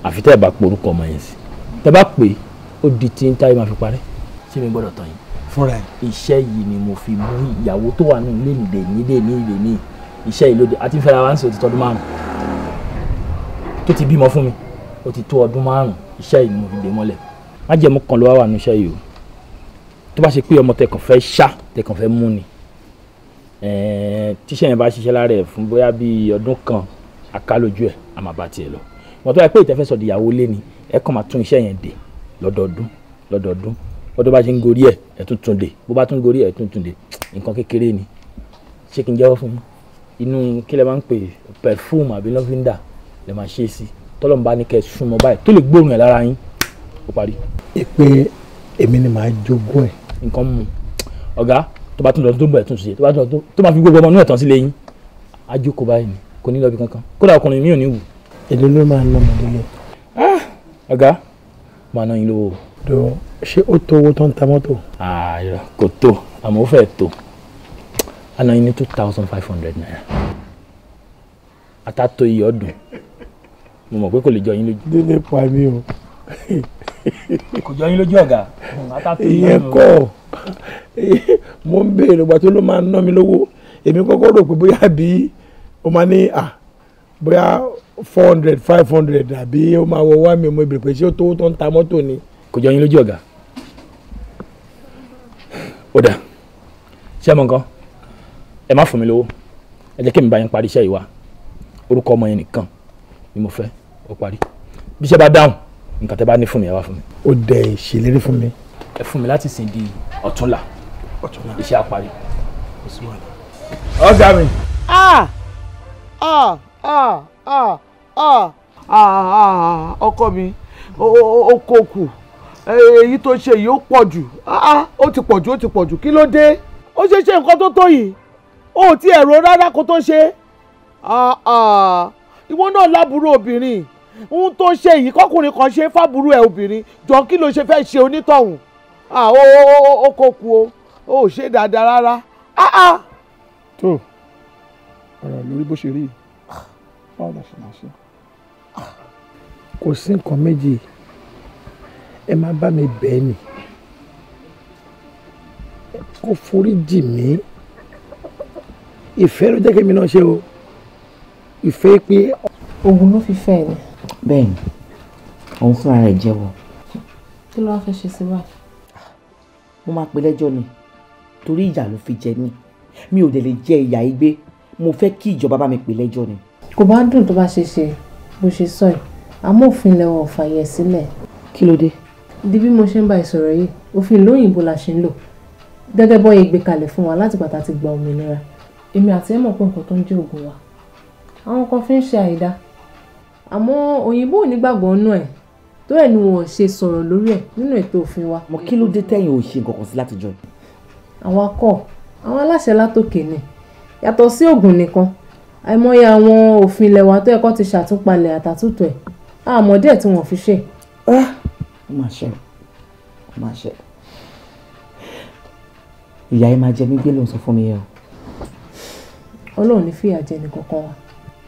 àfi tẹ́ ẹ̀ bá pé orúkọ ọmọ yẹn sí tẹ́ bá pé ó di tí ń táyé máa fi parẹ́ ṣé mi gbọ́dọ̀ tán yín. fúnra ẹ. iṣẹ́ yìí ni mo fi mú ìyàwó tó wà nínú ilé nìdè ní ilé ní ilé ní iṣẹ́ yìí lóde àti fẹ́ra wa ń sọ ti tọdún márùn tó ti bímọ fún mi ó ti tó ọdún márùn iṣẹ́ yìí ni mo fi dé mọ́lẹ̀ májẹ̀mú kan ló wá wà nínú iṣẹ́ yìí o tó bá ṣe pé ọmọ tẹkàn fẹ́ ṣá tẹkàn fẹ́ mú ni tíṣẹ́ yẹn bá ṣiṣẹ́ lára ẹ̀ fún bóyá bíi ọdún kan àkálójú ẹ̀ a máa bá tiẹ̀ lọ wọ́n tó yẹ pé ìtẹ́fẹ́sọ̀ di ìyàwó lé ni ẹ kàn máa tún iṣẹ́ yẹn dè lọ́dọọdún lọ́dọọdún wọ́n tó bá ṣe ń gorí ẹ̀ ẹ̀ tún tún dè bó bá tún gorí ẹ̀ tún tún dè nǹkan kékeré ni ṣé kí n jẹ́wọ́ fún inú kí lẹ máa ń pè pẹ̀fúùmù àbí lọ́fíńdà lẹ máa ṣe é sí tọ́lọ́mùbá ní kẹ́ ẹ súnmọ́ báyìí tó lè gbóòórùn ẹ̀ lára yín ó parí. ìpè èmi ni màá jogún ẹ̀. nǹkan mu ọ̀gá tó bá tún lọ tó bẹ̀ tún ṣe tó bá tún lọ tó máa fi gbogbo ọmọ inú ẹ̀ tán sílé yín á jókòó báyìí ni kò ní lọ́bi kankan kódà ọkùnrin mi ò ní wù. èlé ló máa ń ná ọmọdé lẹ. Ah, ọ̀gá máa ná yín lówó. dọ ṣé ó tó owó tó ń ta mọ́tò. àìrà ah, kò tó àmọ́ ó fẹ́ẹ̀ tó a ná yín ní two thousand five hundred naira àtàtò iyọ̀ dùn mo mọ̀ pé kò lè jọ yín lójú. délé pa mí o. kò jọ yín lójú ọ̀gá àtàtò iyọ̀ dùn. ìyẹn kọ́ mo ń béèrè ìgbà tó ló máa ń ná mi lówó èmi kọ́kọ́ rò pé bóyá bíi ó máa ní à ah, bóyá four hundred five hundred àbí ó máa wọ one million mo ìbèrè pé ṣé ó tó tó ń ta mọ́tò ni. kò jọ yín lójú ọ̀gá ó dà ṣé ẹ mọ nǹkan ẹ má fún mi lówó ẹ jẹ́ kí mi bá yín parí iṣẹ́ yìí wá orúkọ ọmọ yẹn nìkan ni mo fẹ́ ó parí bí iṣẹ́ bá dáhùn nǹkan tẹ́ bá ní fún mi ẹ wá fún mi. ó dẹ ìṣèlérí fún mi. ẹ fún mi láti sìn di ọ̀túnla iṣẹ́ àparí. ọ̀gá mi. ah ah ah ah ah ah ọkọ mi ó kó kù èyí tó ṣe yìí ó pọ̀ jù ó ti pọ̀ jù ó ti pọ̀ jù kí ló dé ó ṣe ṣe nǹkan tó tó yìí ó ti ẹ̀rọ rárá kó tó ṣe ìwọ náà láburú obìnrin ohun tó ṣe yìí kọkùnrin kan ṣe fáburú ẹ obìnrin jọ kí ló ṣe fẹ́ ṣe onítọ̀hún ó kó kù o ó ṣe dáadáa rárá. tó ọ̀rọ̀ lórí bó ṣe rí báwo la ṣe máa ṣe. kò sí nǹkan méjì ẹ má bá mi bẹ́ẹ̀ ni kó forí jì mí ìfẹ́ ló jẹ́ kí mi náà ṣe o ìfẹ́ pé. ogun ló fi fẹ́ ni. bẹ́ẹ̀ ni òun fúnra rẹ̀ jẹ́wọ́. kí ló wá fẹ́ ṣe sí báyìí. mo máa pè lẹ́jọ́ ni torí ìyà ló fi jẹ mí mi ò dẹ̀ lè jẹ ìyà igbe mo fẹ́ kí ìjọba bá mi pè lẹ́jọ́ ni. kò bá dùn tó bá ṣe ṣe bó ṣe sọ yìí àmọ́ òfin lẹ́wọ̀n ò fàyè sílẹ̀. kí ló dé. di bí mo ṣe ń bá ẹ sọ̀rọ̀ yìí òfin ìlú òyìnbó la ṣe ń lò gẹ́gẹ́ bọ́ ìgbé kalẹ̀ fún wa láti gbàtà ti gba òmìnira èmi àti ẹ̀ mọ̀ pé nǹkan tó ń jẹ́ òògùn wa àwọn kan fi ń ṣe àìdá àmọ́ òyìnbó ò nígbàgbọ́ nú ẹ̀ tó ẹ̀ ni wọ́n ṣe sọ̀rọ̀ lórí ẹ̀ nínú ètò òfin wa. mo kí ló dé tẹ́yìn ò ṣe nǹkan kan sí látijọ́. àwa kọ àwọn aláṣẹ látòkè ni yàtọ̀ sí ògùn nìkan àìmọye àwọn òfin ilẹ̀ wa tó yẹ kó ti ṣàtúpalẹ̀ àtàtúntò ẹ̀ àmọ́ díẹ̀ tí wọ́n fi ṣe. ẹ ah, ọ máa ṣe ọ máa ṣe ìyá ẹ máa jẹ mí gbé lòun sọ fún mi yẹn o. ọlọ́run ní fìyà jẹ nìkankan wa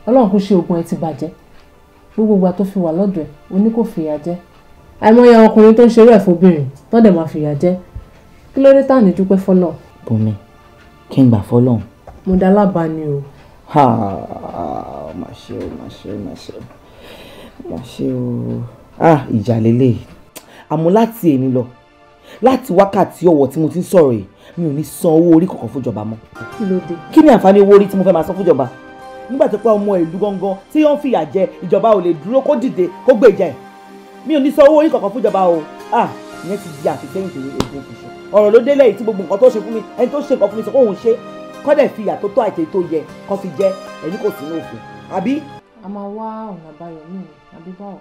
ọlọ́run kò ṣe oògùn ẹ ti bàjẹ́ gbogbo ìgbà tó fi wà lọ́dọ̀ ẹ̀ oní kò fìyà jẹ àìmọye àwọn ọkùnrin tó ń ṣerú ẹ̀ fóbìnrin tó dẹ̀ máa fìyà jẹ kí ló dé tá ní dúpẹ́ fọlọ́ mo dá lábàá ni o. mà ṣe o mà o mà o mà o ah ìjà lélẹ̀ àmọ́ láti èmi lọ láti wákàtí ọ̀wọ̀ tí mo ti ń sọ̀rọ̀ yìí mi ò ní san owó orí kankan fúnjọba mọ́. kí ló dé. kí ni àǹfààní owó orí tí mo fẹ́ máa san fúnjọba nígbà tó pé ọmọ ìlú gangan tí yóò ń fìyà jẹ ìjọba ò lè dúró kó dìde kó gbèjà ẹ̀ mi ò ní san owó orí kankan fúnjọba o ah ìyẹn ti di àfitẹ́yìntì ojú òfìṣẹ́ ọ̀rọ̀ ló délẹ̀ yìí tí gbogbo nǹkan tó ṣe fún mi ẹni tó ṣe nǹkan fún mi sọ pé òun ṣe kọ́dẹ̀ fi ìyà tó tó àìtẹ́ tó yẹ kó fi jẹ́ ẹni kò sínú òfin àbí. a máa wá ọ̀nà àbáyọ míì àbí báwo.